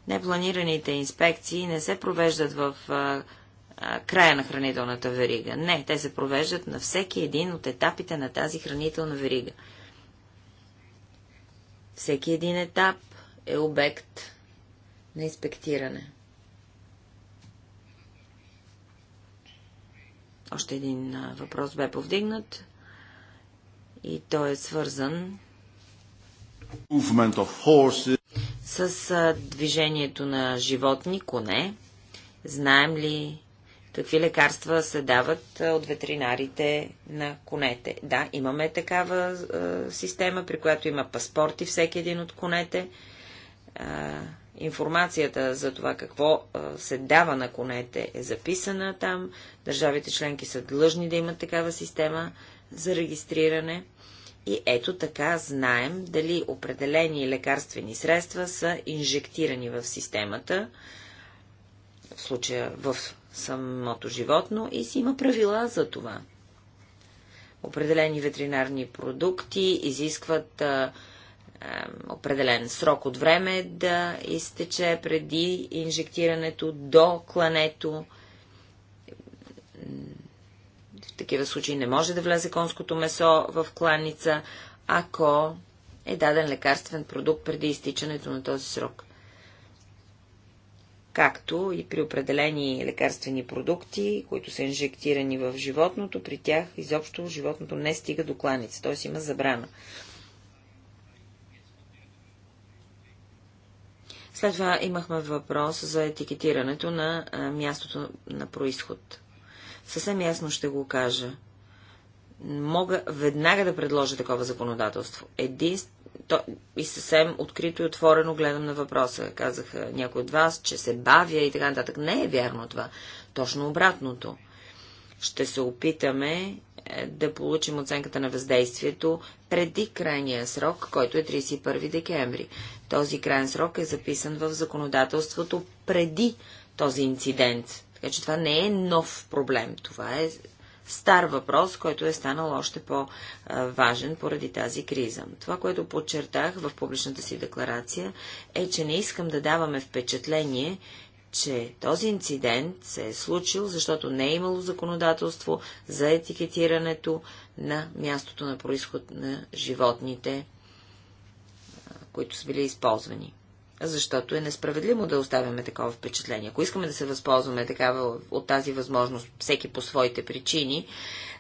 непланираните инспекции не се провеждат в а, а, края на хранителната верига. Не, те се провеждат на всеки един от етапите на тази хранителна верига. Всеки един етап е обект на инспектиране. Още един въпрос бе повдигнат и той е свързан с движението на животни, коне. Знаем ли какви лекарства се дават от ветеринарите на конете? Да, имаме такава е, система, при която има паспорти всеки един от конете. Е, информацията за това какво се дава на конете е записана там. Държавите членки са длъжни да имат такава система за регистриране и ето така знаем дали определени лекарствени средства са инжектирани в системата, в случая в самото животно и си има правила за това. Определени ветеринарни продукти изискват а, а, определен срок от време да изтече преди инжектирането до клането такива случаи не може да влезе конското месо в кланица, ако е даден лекарствен продукт преди изтичането на този срок. Както и при определени лекарствени продукти, които са инжектирани в животното, при тях изобщо животното не стига до кланица, т.е. има забрана. След това имахме въпрос за етикетирането на мястото на происход. Съвсем ясно ще го кажа. Мога веднага да предложа такова законодателство. Един то, и съвсем открито и отворено гледам на въпроса. Казаха някой от вас, че се бавя и така нататък. Не е вярно това. Точно обратното. Ще се опитаме е, да получим оценката на въздействието преди крайния срок, който е 31 декември. Този крайен срок е записан в законодателството преди този инцидент. Така че това не е нов проблем. Това е стар въпрос, който е станал още по-важен поради тази криза. Това, което подчертах в публичната си декларация, е, че не искам да даваме впечатление, че този инцидент се е случил, защото не е имало законодателство за етикетирането на мястото на происход на животните, които са били използвани защото е несправедливо да оставяме такова впечатление. Ако искаме да се възползваме такава, от тази възможност, всеки по своите причини,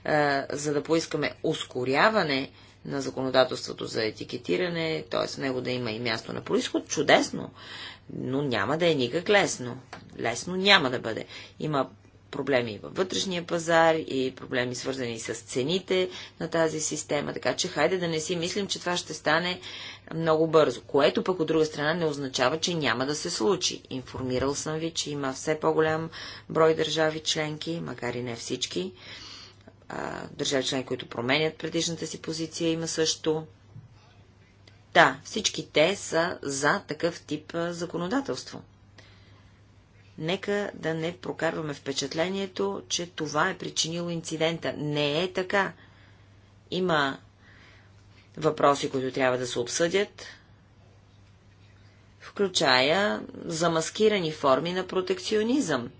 е, за да поискаме ускоряване на законодателството за етикетиране, т.е. в него да има и място на происход, чудесно, но няма да е никак лесно. Лесно няма да бъде. Има проблеми във вътрешния пазар и проблеми свързани с цените на тази система. Така че хайде да не си мислим, че това ще стане много бързо, което пък от друга страна не означава, че няма да се случи. Информирал съм ви, че има все по-голям брой държави членки, макар и не всички. Държави членки, които променят предишната си позиция, има също. Да, всички те са за такъв тип законодателство. Нека да не прокарваме впечатлението, че това е причинило инцидента. Не е така. Има въпроси, които трябва да се обсъдят, включая замаскирани форми на протекционизъм,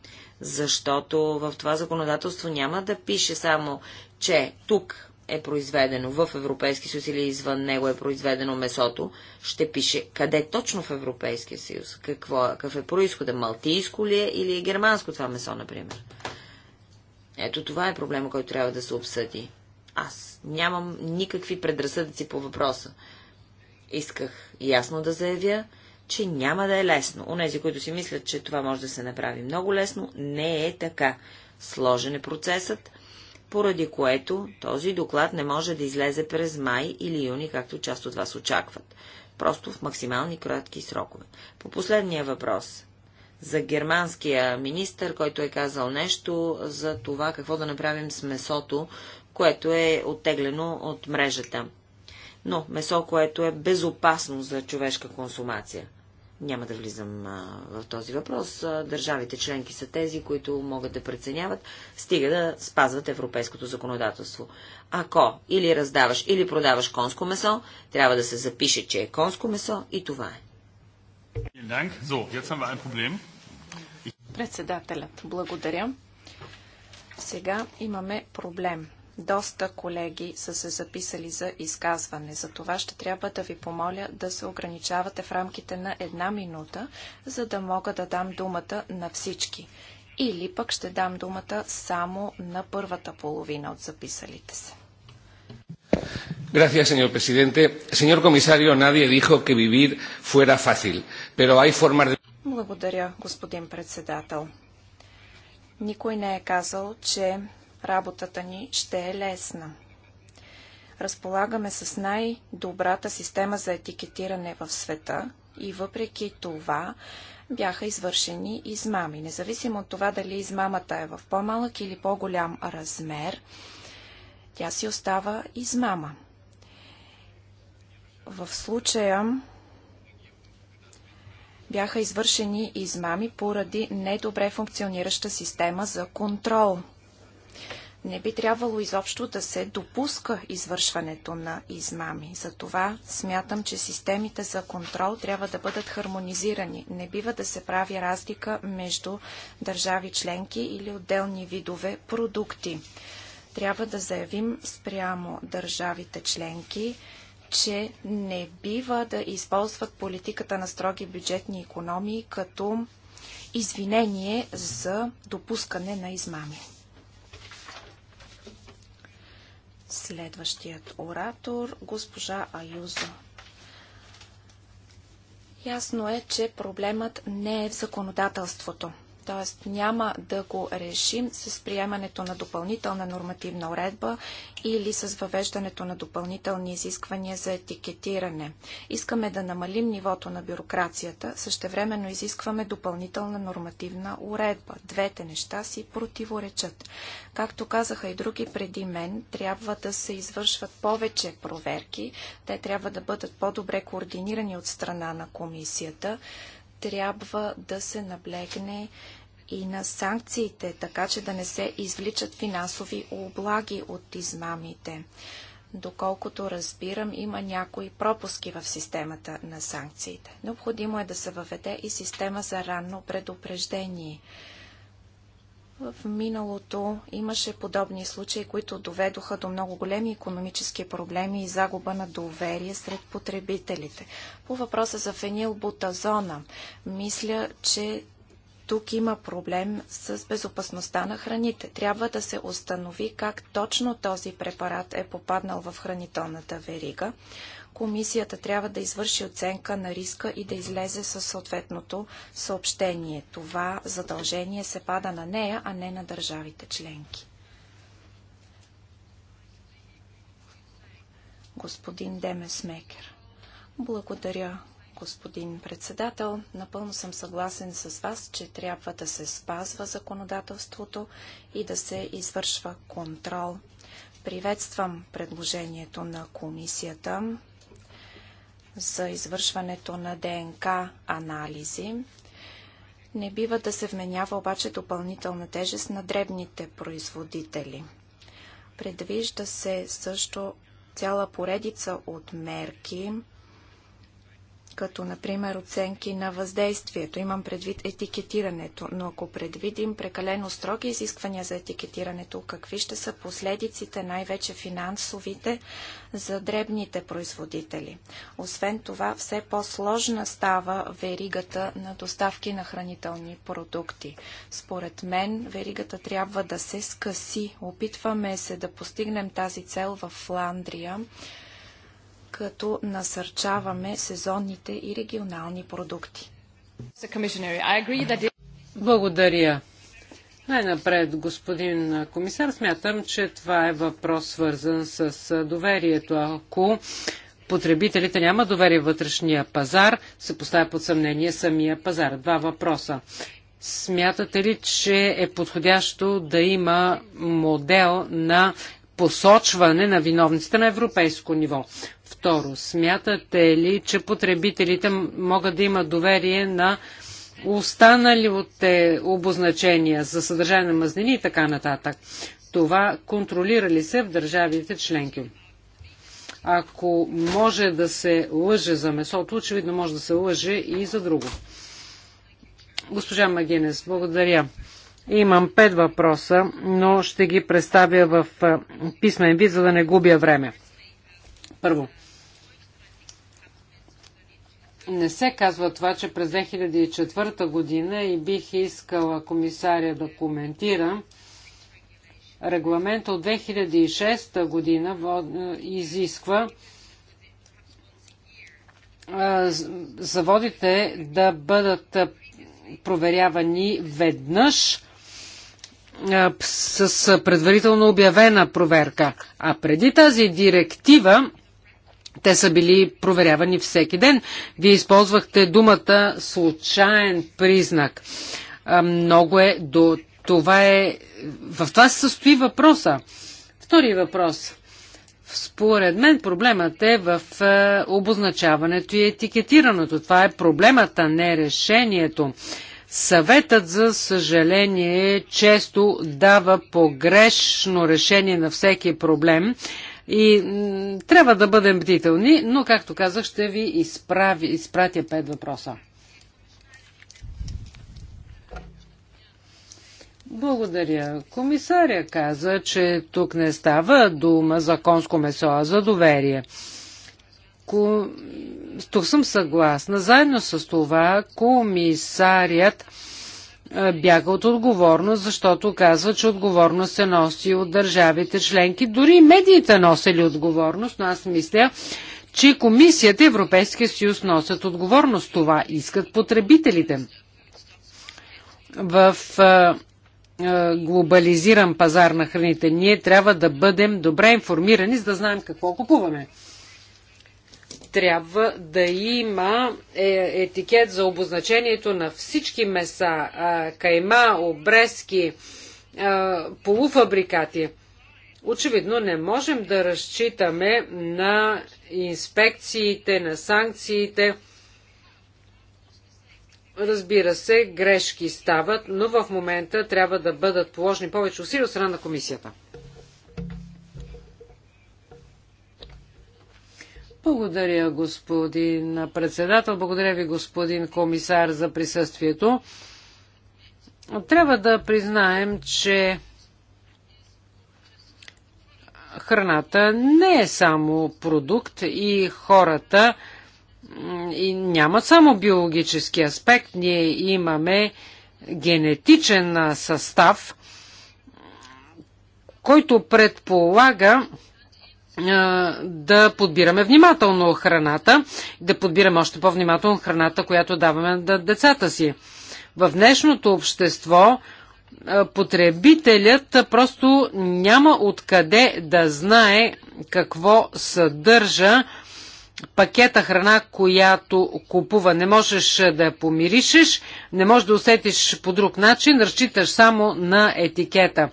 защото в това законодателство няма да пише само, че тук е произведено в Европейски съюз или извън него е произведено месото, ще пише къде точно в Европейския съюз, какво, какъв е происхода, малтийско ли е или е германско това месо, например. Ето това е проблема, който трябва да се обсъди. Аз нямам никакви предразсъдъци по въпроса. Исках ясно да заявя, че няма да е лесно. Онези, които си мислят, че това може да се направи много лесно, не е така. Сложен е процесът, поради което този доклад не може да излезе през май или юни, както част от вас очакват. Просто в максимални кратки срокове. По последния въпрос за германския министр, който е казал нещо за това какво да направим с месото, което е оттеглено от мрежата. Но месо, което е безопасно за човешка консумация. Няма да влизам в този въпрос. Държавите членки са тези, които могат да преценяват, стига да спазват европейското законодателство. Ако или раздаваш, или продаваш конско месо, трябва да се запише, че е конско месо и това е. Председателят, благодаря. Сега имаме проблем. Доста колеги са се записали за изказване. За това ще трябва да ви помоля да се ограничавате в рамките на една минута, за да мога да дам думата на всички. Или пък ще дам думата само на първата половина от записалите се. Gracias, señor presidente. Señor comisario, nadie dijo que vivir fuera fácil, pero hay formas de... Благодаря, господин председател. Никой не е казал, че работата ни ще е лесна. Разполагаме с най-добрата система за етикетиране в света и въпреки това бяха извършени измами. Независимо от това дали измамата е в по-малък или по-голям размер, тя си остава измама. В случая бяха извършени измами поради недобре функционираща система за контрол не би трябвало изобщо да се допуска извършването на измами. Затова смятам, че системите за контрол трябва да бъдат хармонизирани. Не бива да се прави разлика между държави членки или отделни видове продукти. Трябва да заявим спрямо държавите членки, че не бива да използват политиката на строги бюджетни економии като извинение за допускане на измами. Следващият оратор, госпожа Аюзо. Ясно е, че проблемът не е в законодателството т.е. няма да го решим с приемането на допълнителна нормативна уредба или с въвеждането на допълнителни изисквания за етикетиране. Искаме да намалим нивото на бюрокрацията, същевременно изискваме допълнителна нормативна уредба. Двете неща си противоречат. Както казаха и други преди мен, трябва да се извършват повече проверки, те трябва да бъдат по-добре координирани от страна на комисията, трябва да се наблегне и на санкциите, така че да не се извличат финансови облаги от измамите. Доколкото разбирам, има някои пропуски в системата на санкциите. Необходимо е да се въведе и система за ранно предупреждение – в миналото имаше подобни случаи, които доведоха до много големи економически проблеми и загуба на доверие сред потребителите. По въпроса за фенилбутазона, мисля, че тук има проблем с безопасността на храните. Трябва да се установи как точно този препарат е попаднал в хранителната верига комисията трябва да извърши оценка на риска и да излезе със съответното съобщение. Това задължение се пада на нея, а не на държавите членки. Господин Мекер, Благодаря, господин председател. Напълно съм съгласен с вас, че трябва да се спазва законодателството и да се извършва контрол. Приветствам предложението на комисията за извършването на ДНК анализи. Не бива да се вменява обаче допълнителна тежест на дребните производители. Предвижда се също цяла поредица от мерки, като например оценки на въздействието. Имам предвид етикетирането, но ако предвидим прекалено строги изисквания за етикетирането, какви ще са последиците, най-вече финансовите, за дребните производители? Освен това, все по-сложна става веригата на доставки на хранителни продукти. Според мен, веригата трябва да се скъси. Опитваме се да постигнем тази цел в Фландрия като насърчаваме сезонните и регионални продукти. Благодаря. Най-напред, господин комисар, смятам, че това е въпрос свързан с доверието. Ако потребителите няма доверие в вътрешния пазар, се поставя под съмнение самия пазар. Два въпроса. Смятате ли, че е подходящо да има модел на посочване на виновниците на европейско ниво? Второ, смятате ли, че потребителите могат да имат доверие на останалите обозначения за съдържание на мазнини и така нататък? Това контролира ли се в държавите членки? Ако може да се лъже за месото, очевидно може да се лъже и за друго. Госпожа Магинес, благодаря. Имам пет въпроса, но ще ги представя в писмен вид, за да не губя време. Първо, не се казва това, че през 2004 година и бих искала комисаря да коментира. Регламент от 2006 година изисква заводите да бъдат проверявани веднъж с предварително обявена проверка. А преди тази директива те са били проверявани всеки ден. Вие използвахте думата случайен признак. Много е до това е. В това се състои въпроса. Втори въпрос. Според мен проблемът е в обозначаването и етикетирането. Това е проблемата, не решението. Съветът, за съжаление, често дава погрешно решение на всеки проблем и трябва да бъдем бдителни, но, както казах, ще ви изправи, изпратя пет въпроса. Благодаря. Комисаря каза, че тук не става дума за конско месо, а за доверие. Ко... Тук съм съгласна. Заедно с това комисарят бяга от отговорност, защото казва, че отговорност се носи от държавите членки. Дори медиите носили отговорност, но аз мисля, че Комисията Европейския съюз носят отговорност. Това искат потребителите. В глобализиран пазар на храните. Ние трябва да бъдем добре информирани, за да знаем какво купуваме трябва да има е, етикет за обозначението на всички меса, кайма, обрезки, полуфабрикати. Очевидно не можем да разчитаме на инспекциите, на санкциите. Разбира се, грешки стават, но в момента трябва да бъдат положени повече усилия от страна на комисията. Благодаря, господин председател. Благодаря ви, господин комисар, за присъствието. Трябва да признаем, че храната не е само продукт и хората и няма само биологически аспект. Ние имаме генетичен състав, който предполага да подбираме внимателно храната, да подбираме още по-внимателно храната, която даваме на децата си. В днешното общество потребителят просто няма откъде да знае какво съдържа пакета храна, която купува. Не можеш да я помиришеш, не можеш да усетиш по друг начин, разчиташ само на етикета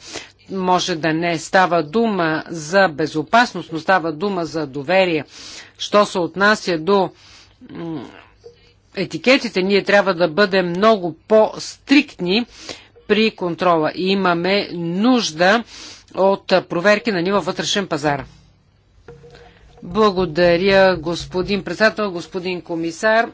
може да не става дума за безопасност, но става дума за доверие. Що се отнася до етикетите, ние трябва да бъдем много по-стриктни при контрола. И имаме нужда от проверки на ниво вътрешен пазар. Благодаря, господин председател, господин комисар.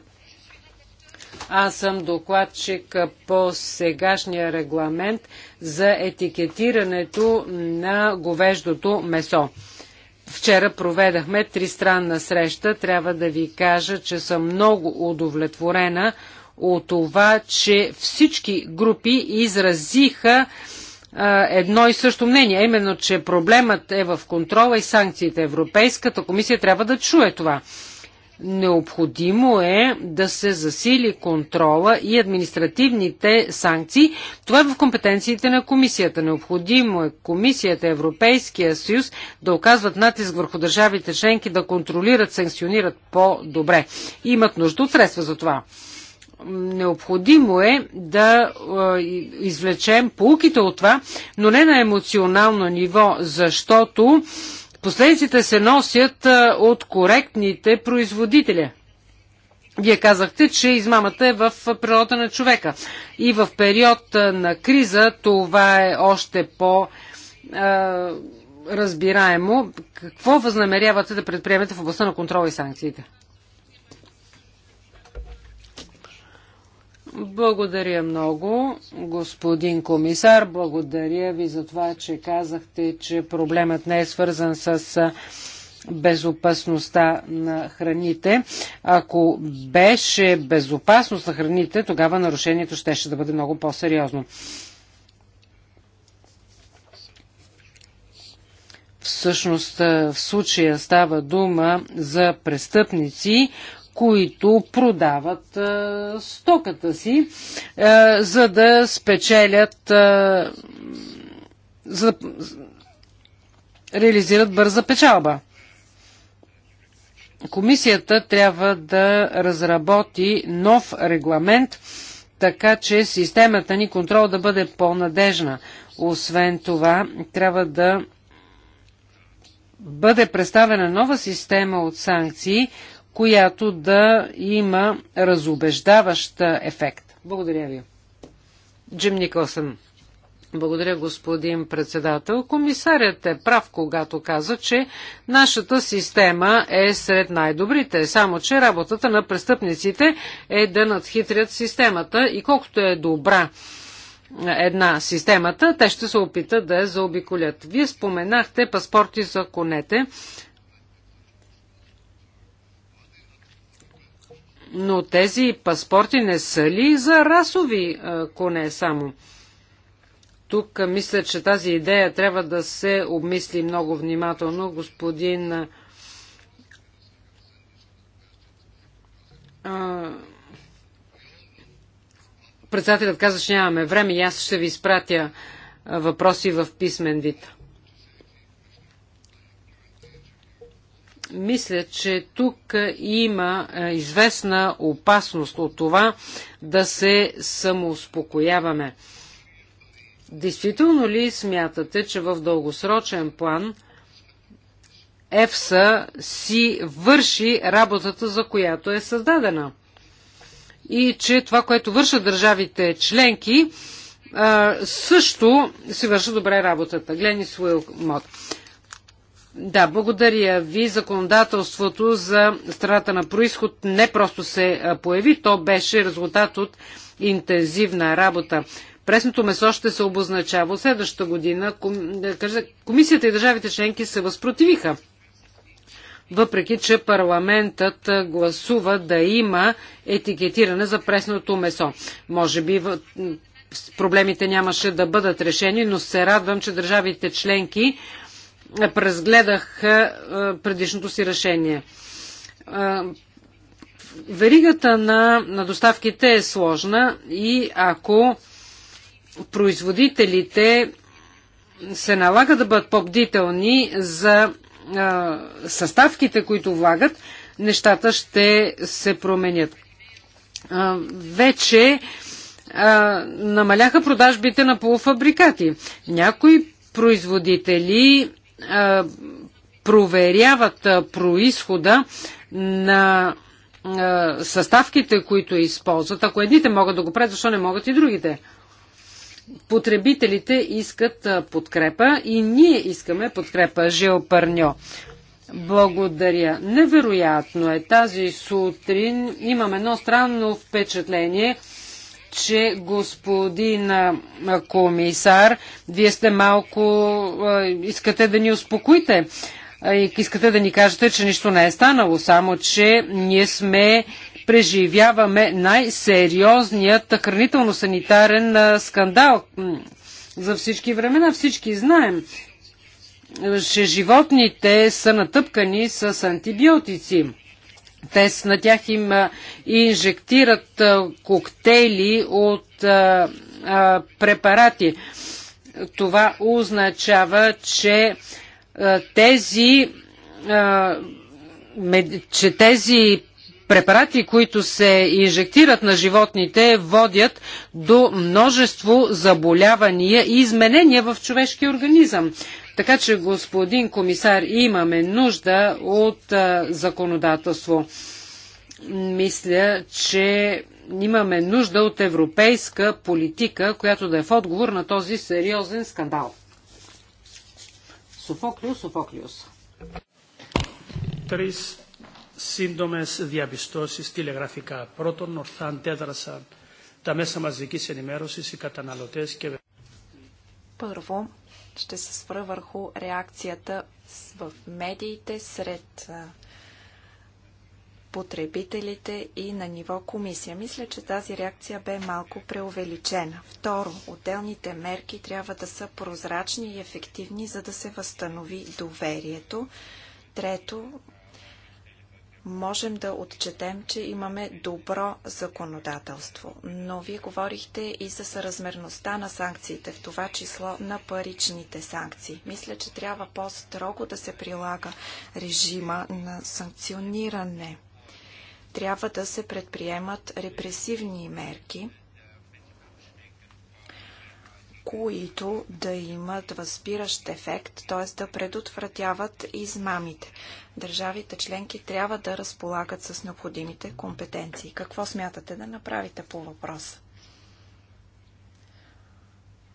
Аз съм докладчик по сегашния регламент за етикетирането на говеждото месо. Вчера проведахме тристранна среща. Трябва да ви кажа, че съм много удовлетворена от това, че всички групи изразиха едно и също мнение, именно, че проблемът е в контрола и санкциите. Европейската комисия трябва да чуе това. Необходимо е да се засили контрола и административните санкции. Това е в компетенциите на комисията. Необходимо е комисията, Европейския съюз да оказват натиск върху държавите членки, да контролират, санкционират по-добре. Имат нужда от средства за това. Необходимо е да извлечем полуките от това, но не на емоционално ниво, защото Последиците се носят от коректните производители. Вие казахте, че измамата е в природа на човека. И в период на криза това е още по- разбираемо. Какво възнамерявате да предприемете в областта на контрола и санкциите? Благодаря много, господин комисар. Благодаря ви за това, че казахте, че проблемът не е свързан с безопасността на храните. Ако беше безопасност на храните, тогава нарушението щеше ще да бъде много по-сериозно. Всъщност в случая става дума за престъпници, които продават а, стоката си, а, за да спечелят, а, за да реализират бърза печалба. Комисията трябва да разработи нов регламент, така че системата ни контрол да бъде по-надежна. Освен това, трябва да бъде представена нова система от санкции, която да има разубеждаващ ефект. Благодаря ви. Джим Никълсън. Благодаря, господин председател. Комисарят е прав, когато каза, че нашата система е сред най-добрите, само че работата на престъпниците е да надхитрят системата и колкото е добра една системата, те ще се опитат да я заобиколят. Вие споменахте паспорти за конете. Но тези паспорти не са ли за расови е, коне само? Тук е, мисля, че тази идея трябва да се обмисли много внимателно. Господин е, председателят каза, че нямаме време и аз ще ви изпратя въпроси в писмен вид. мисля, че тук има е, известна опасност от това да се самоуспокояваме. Действително ли смятате, че в дългосрочен план ЕФСА си върши работата, за която е създадена? И че това, което вършат държавите членки, е, също си върши добре работата. Гленис Уилмот. Да, благодаря ви. Законодателството за страната на происход не просто се появи, то беше резултат от интензивна работа. Пресното месо ще се обозначава от следващата година. Комисията и държавите членки се възпротивиха. Въпреки, че парламентът гласува да има етикетиране за пресното месо. Може би проблемите нямаше да бъдат решени, но се радвам, че държавите членки разгледах предишното си решение. Веригата на, на доставките е сложна и ако производителите се налага да бъдат по-бдителни за а, съставките, които влагат, нещата ще се променят. А, вече а, намаляха продажбите на полуфабрикати. Някои производители проверяват происхода на съставките, които използват. Ако едните могат да го правят, защо не могат и другите? Потребителите искат подкрепа и ние искаме подкрепа. Жил Парньо. Благодаря. Невероятно е. Тази сутрин имам едно странно впечатление – че господин комисар, вие сте малко, искате да ни успокоите. Искате да ни кажете, че нищо не е станало, само че ние сме преживяваме най-сериозният хранително-санитарен скандал за всички времена. Всички знаем, че животните са натъпкани с антибиотици те на тях им инжектират коктейли от а, а, препарати. Това означава, че а, тези че тези препарати, които се инжектират на животните, водят до множество заболявания и изменения в човешкия организъм. Така че, господин комисар, имаме нужда от а, законодателство. Мисля, че имаме нужда от европейска политика, която да е в отговор на този сериозен скандал. Софоклиус, Софоклиус σύντομε διαπιστώσει τηλεγραφικά. Πρώτον, ορθά αντέδρασαν τα μέσα μαζική ενημέρωση, οι καταναλωτέ και... Първо, ще се спра върху реакцията в медиите сред потребителите и на ниво комисия. Мисля, че тази реакция бе малко преувеличена. Второ, отделните мерки трябва да са прозрачни и ефективни, за да се възстанови доверието. Трето, можем да отчетем, че имаме добро законодателство. Но вие говорихте и за съразмерността на санкциите, в това число на паричните санкции. Мисля, че трябва по-строго да се прилага режима на санкциониране. Трябва да се предприемат репресивни мерки – които да имат възпиращ ефект, т.е. да предотвратяват измамите. Държавите членки трябва да разполагат с необходимите компетенции. Какво смятате да направите по въпроса?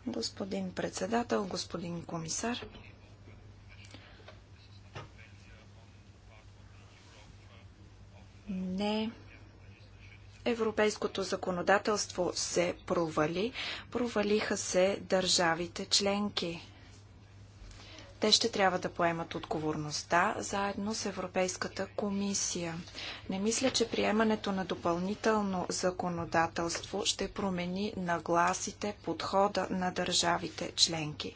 Господин председател, господин комисар. Не европейското законодателство се провали, провалиха се държавите членки. Те ще трябва да поемат отговорността заедно с Европейската комисия. Не мисля, че приемането на допълнително законодателство ще промени нагласите, подхода на държавите членки,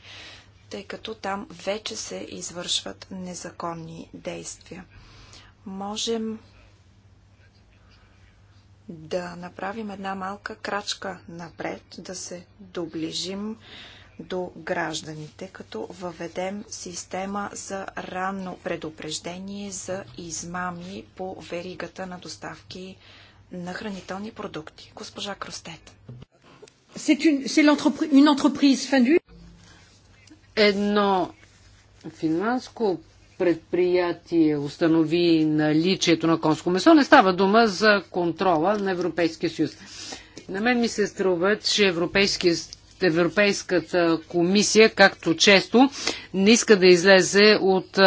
тъй като там вече се извършват незаконни действия. Можем да направим една малка крачка напред, да се доближим до гражданите, като въведем система за ранно предупреждение за измами по веригата на доставки на хранителни продукти. Госпожа Кростет. Едно финансово предприятие установи наличието на конско месо, не става дума за контрола на Европейския съюз. На мен ми се струва, че Европейския Европейската комисия, както често, не иска да излезе от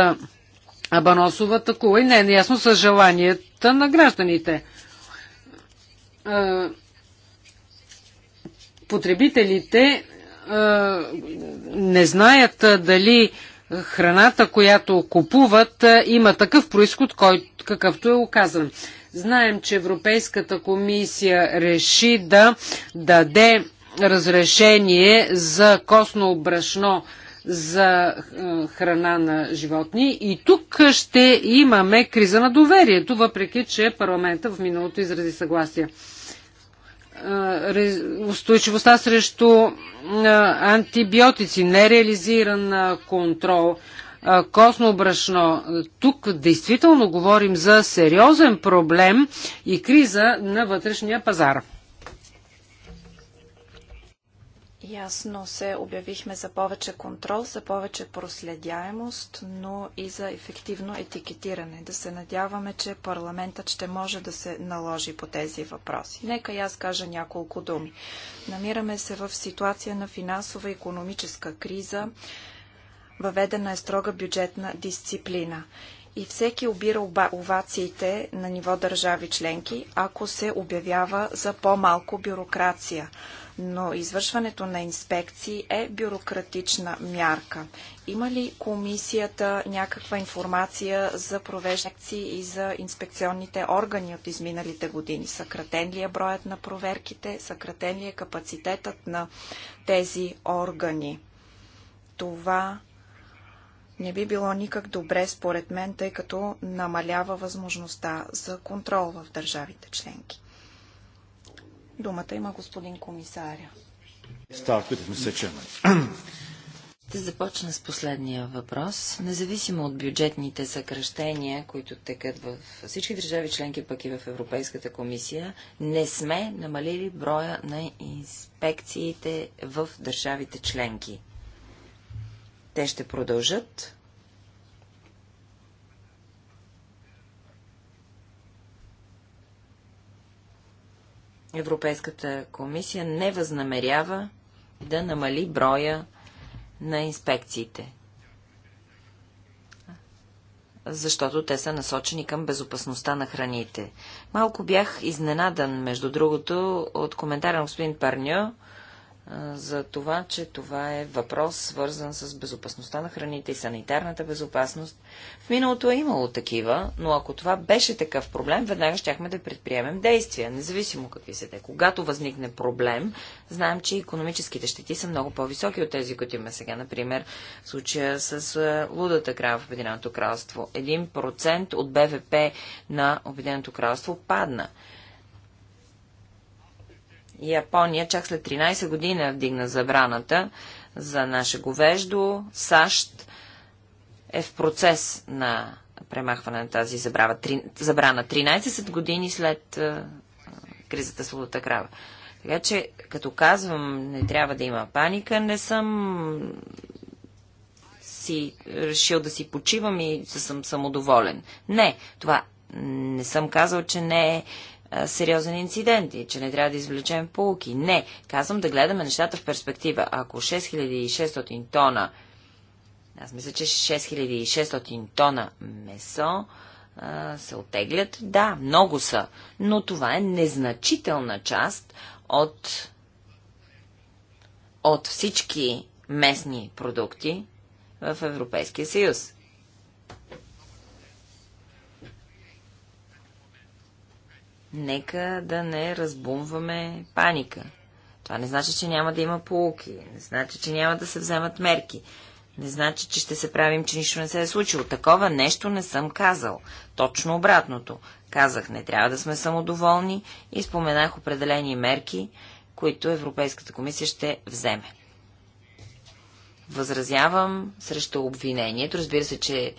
Абаносовата кула и не е неясно с желанията на гражданите. Потребителите не знаят дали храната, която купуват, е, има такъв происход, какъвто е оказан. Знаем, че Европейската комисия реши да даде разрешение за косно брашно за е, храна на животни. И тук ще имаме криза на доверието, въпреки че парламента в миналото изрази съгласие устойчивостта срещу антибиотици, нереализиран контрол, косно брашно. Тук действително говорим за сериозен проблем и криза на вътрешния пазар. Ясно се обявихме за повече контрол, за повече проследяемост, но и за ефективно етикетиране. Да се надяваме, че парламентът ще може да се наложи по тези въпроси. Нека и аз кажа няколко думи. Намираме се в ситуация на финансова и економическа криза. Въведена е строга бюджетна дисциплина и всеки обира овациите на ниво държави членки, ако се обявява за по-малко бюрокрация но извършването на инспекции е бюрократична мярка. Има ли комисията някаква информация за провеждане и за инспекционните органи от изминалите години? Съкратен ли е броят на проверките? Съкратен ли е капацитетът на тези органи? Това не би било никак добре, според мен, тъй като намалява възможността за контрол в държавите членки. Думата има господин комисаря. Ще започна с последния въпрос. Независимо от бюджетните съкръщения, които текат в всички държави членки, пък и в Европейската комисия, не сме намалили броя на инспекциите в държавите членки. Те ще продължат Европейската комисия не възнамерява да намали броя на инспекциите, защото те са насочени към безопасността на храните. Малко бях изненадан, между другото, от коментара на господин Парньо, за това, че това е въпрос свързан с безопасността на храните и санитарната безопасност. В миналото е имало такива, но ако това беше такъв проблем, веднага щяхме да предприемем действия, независимо какви са те. Когато възникне проблем, знаем, че економическите щети са много по-високи от тези, които имаме сега. Например, в случая с лудата крава в Обединеното кралство. 1% от БВП на Обединеното кралство падна. Япония чак след 13 години вдигна забраната за наше говеждо. САЩ е в процес на премахване на тази забрава, три, забрана 13 години след а, кризата с лудата крава. Така че, като казвам, не трябва да има паника, не съм си решил да си почивам и съм самодоволен. Не, това не съм казал, че не е сериозен инцидент и че не трябва да извлечем полуки. Не, казвам да гледаме нещата в перспектива. Ако 6600 тона, аз мисля, че 6600 тона месо а, се отеглят, да, много са, но това е незначителна част от, от всички местни продукти в Европейския съюз. нека да не разбумваме паника. Това не значи, че няма да има полуки, не значи, че няма да се вземат мерки, не значи, че ще се правим, че нищо не се е случило. Такова нещо не съм казал. Точно обратното. Казах, не трябва да сме самодоволни и споменах определени мерки, които Европейската комисия ще вземе. Възразявам срещу обвинението. Разбира се, че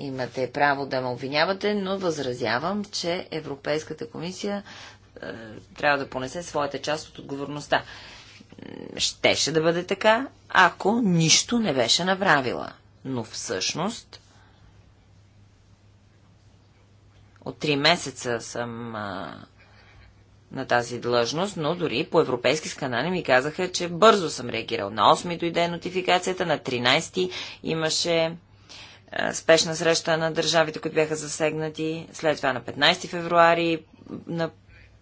Имате право да ме обвинявате, но възразявам, че Европейската комисия е, трябва да понесе своята част от отговорността. Щеше да бъде така, ако нищо не беше направила. Но всъщност от три месеца съм а, на тази длъжност, но дори по европейски сканали ми казаха, че бързо съм реагирал. На 8 дойде нотификацията, на 13 ти имаше е, спешна среща на държавите, които бяха засегнати, след това на 15 февруари на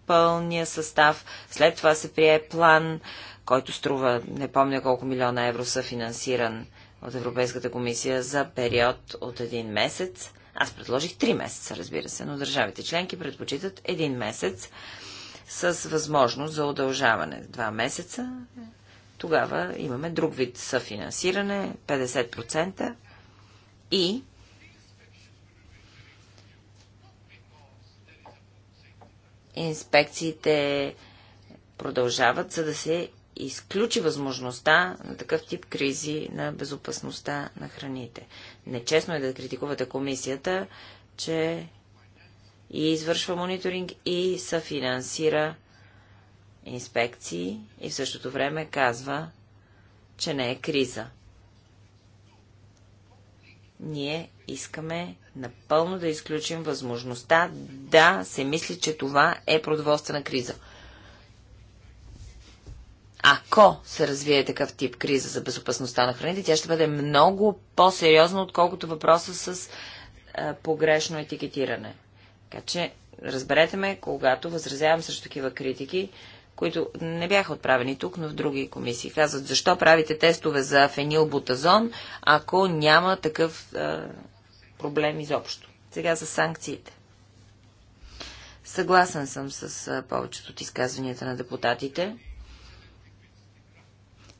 пълния състав, след това се прие план, който струва не помня колко милиона евро са финансиран от Европейската комисия за период от един месец. Аз предложих 3 месеца, разбира се, но държавите членки предпочитат един месец с възможност за удължаване. Два месеца, тогава имаме друг вид съфинансиране, 50%, и инспекциите продължават, за да се изключи възможността на такъв тип кризи на безопасността на храните. Нечестно е да критикувате комисията, че и извършва мониторинг и съфинансира инспекции и в същото време казва, че не е криза ние искаме напълно да изключим възможността да се мисли, че това е продоволствена криза. Ако се развие такъв тип криза за безопасността на храните, тя ще бъде много по-сериозна, отколкото въпроса с а, е, погрешно етикетиране. Така че, разберете ме, когато възразявам срещу такива критики, които не бяха отправени тук, но в други комисии. Казват, защо правите тестове за фенилбутазон, ако няма такъв е, проблем изобщо. Сега за санкциите. Съгласен съм с е, повечето от изказванията на депутатите.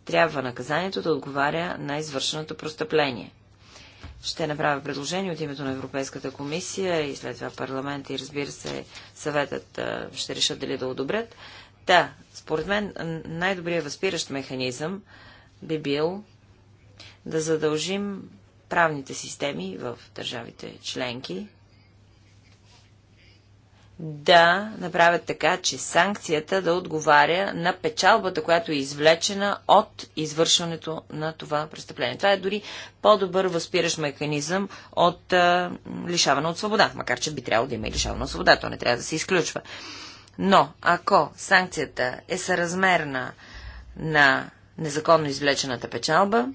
Трябва наказанието да отговаря на извършеното престъпление. Ще направя предложение от името на Европейската комисия и след това парламент и разбира се съветът ще решат дали да одобрят Та, според мен най-добрият възпиращ механизъм би бил да задължим правните системи в държавите членки да направят така, че санкцията да отговаря на печалбата, която е извлечена от извършването на това престъпление. Това е дори по-добър възпиращ механизъм от а, лишаване от свобода, макар че би трябвало да има и лишаване от свобода, то не трябва да се изключва. Но ако санкцията е съразмерна на незаконно извлечената печалба,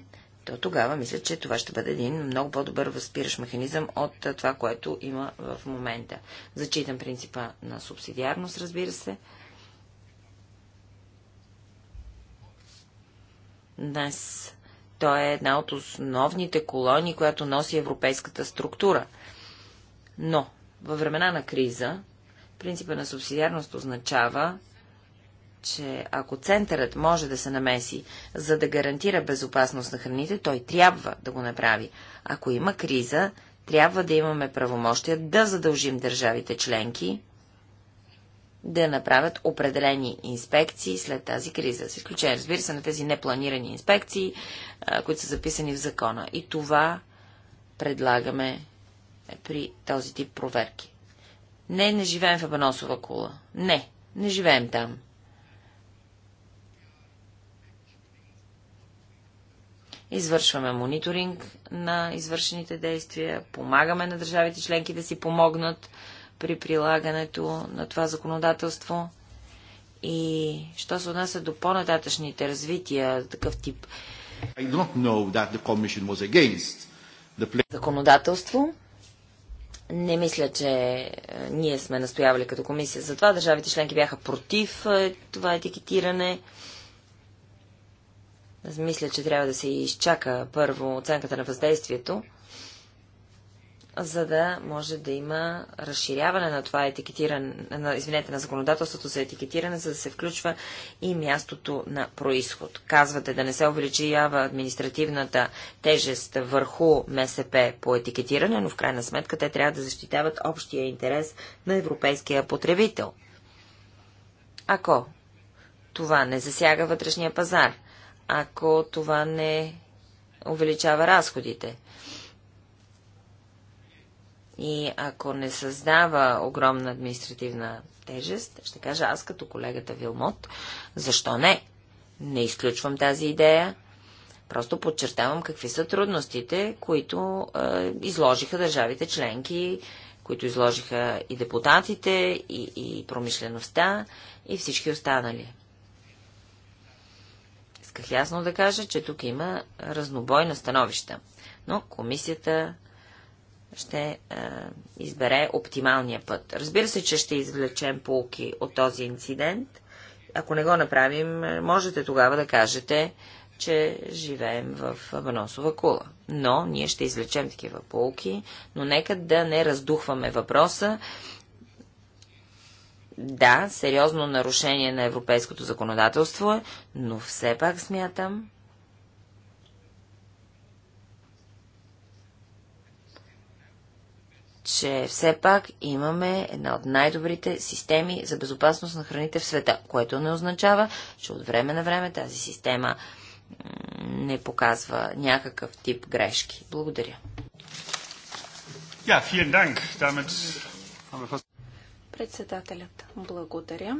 то тогава мисля, че това ще бъде един много по-добър възпиращ механизъм от това, което има в момента. Зачитам принципа на субсидиарност, разбира се. Днес той е една от основните колони, която носи европейската структура. Но във времена на криза Принципа на субсидиарност означава, че ако центърът може да се намеси, за да гарантира безопасност на храните, той трябва да го направи. Ако има криза, трябва да имаме правомощия да задължим държавите членки да направят определени инспекции след тази криза. С изключение, разбира се, на тези непланирани инспекции, които са записани в закона. И това предлагаме при този тип проверки. Не, не живеем в Абаносова кула. Не, не живеем там. Извършваме мониторинг на извършените действия, помагаме на държавите членки да си помогнат при прилагането на това законодателство. И що се отнася до по-нататъчните развития, такъв тип законодателство, не мисля, че е, ние сме настоявали като комисия за това. Държавите членки бяха против е, това етикетиране. Аз мисля, че трябва да се изчака първо оценката на въздействието за да може да има разширяване на това етикетиране, на, извинете, на законодателството за етикетиране, за да се включва и мястото на происход. Казвате да не се увеличава административната тежест върху МСП по етикетиране, но в крайна сметка те трябва да защитават общия интерес на европейския потребител. Ако това не засяга вътрешния пазар, ако това не увеличава разходите. И ако не създава огромна административна тежест, ще кажа аз като колегата Вилмот, защо не? Не изключвам тази идея. Просто подчертавам какви са трудностите, които е, изложиха държавите членки, които изложиха и депутатите, и, и промишлеността, и всички останали. Исках ясно да кажа, че тук има разнобой на становища, но комисията ще е, избере оптималния път. Разбира се, че ще извлечем полки от този инцидент. Ако не го направим, е, можете тогава да кажете, че живеем в Ваносова кула. Но ние ще извлечем такива полки, но нека да не раздухваме въпроса. Да, сериозно нарушение на европейското законодателство е, но все пак смятам, че все пак имаме една от най-добрите системи за безопасност на храните в света, което не означава, че от време на време тази система не показва някакъв тип грешки. Благодаря. Председателят, благодаря.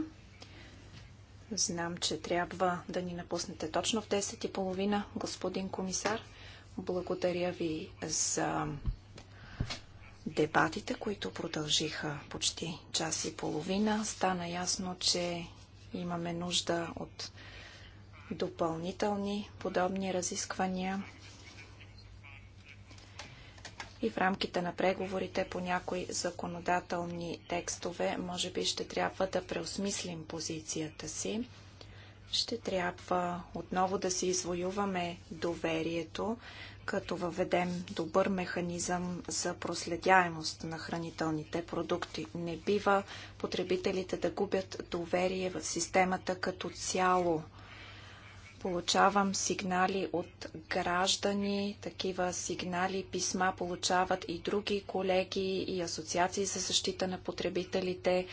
Знам, че трябва да ни напуснете точно в 10.30, господин комисар. Благодаря ви за дебатите, които продължиха почти час и половина, стана ясно, че имаме нужда от допълнителни подобни разисквания. И в рамките на преговорите по някои законодателни текстове, може би ще трябва да преосмислим позицията си. Ще трябва отново да си извоюваме доверието като въведем добър механизъм за проследяемост на хранителните продукти. Не бива потребителите да губят доверие в системата като цяло. Получавам сигнали от граждани, такива сигнали, писма получават и други колеги и асоциации за защита на потребителите.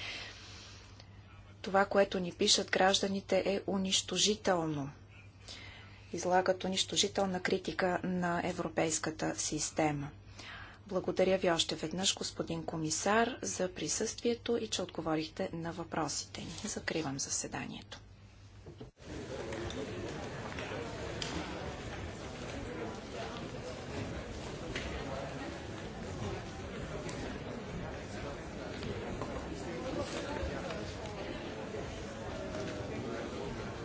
Това, което ни пишат гражданите е унищожително излагат унищожителна критика на европейската система. Благодаря ви още веднъж, господин комисар, за присъствието и че отговорихте на въпросите ни. Закривам заседанието.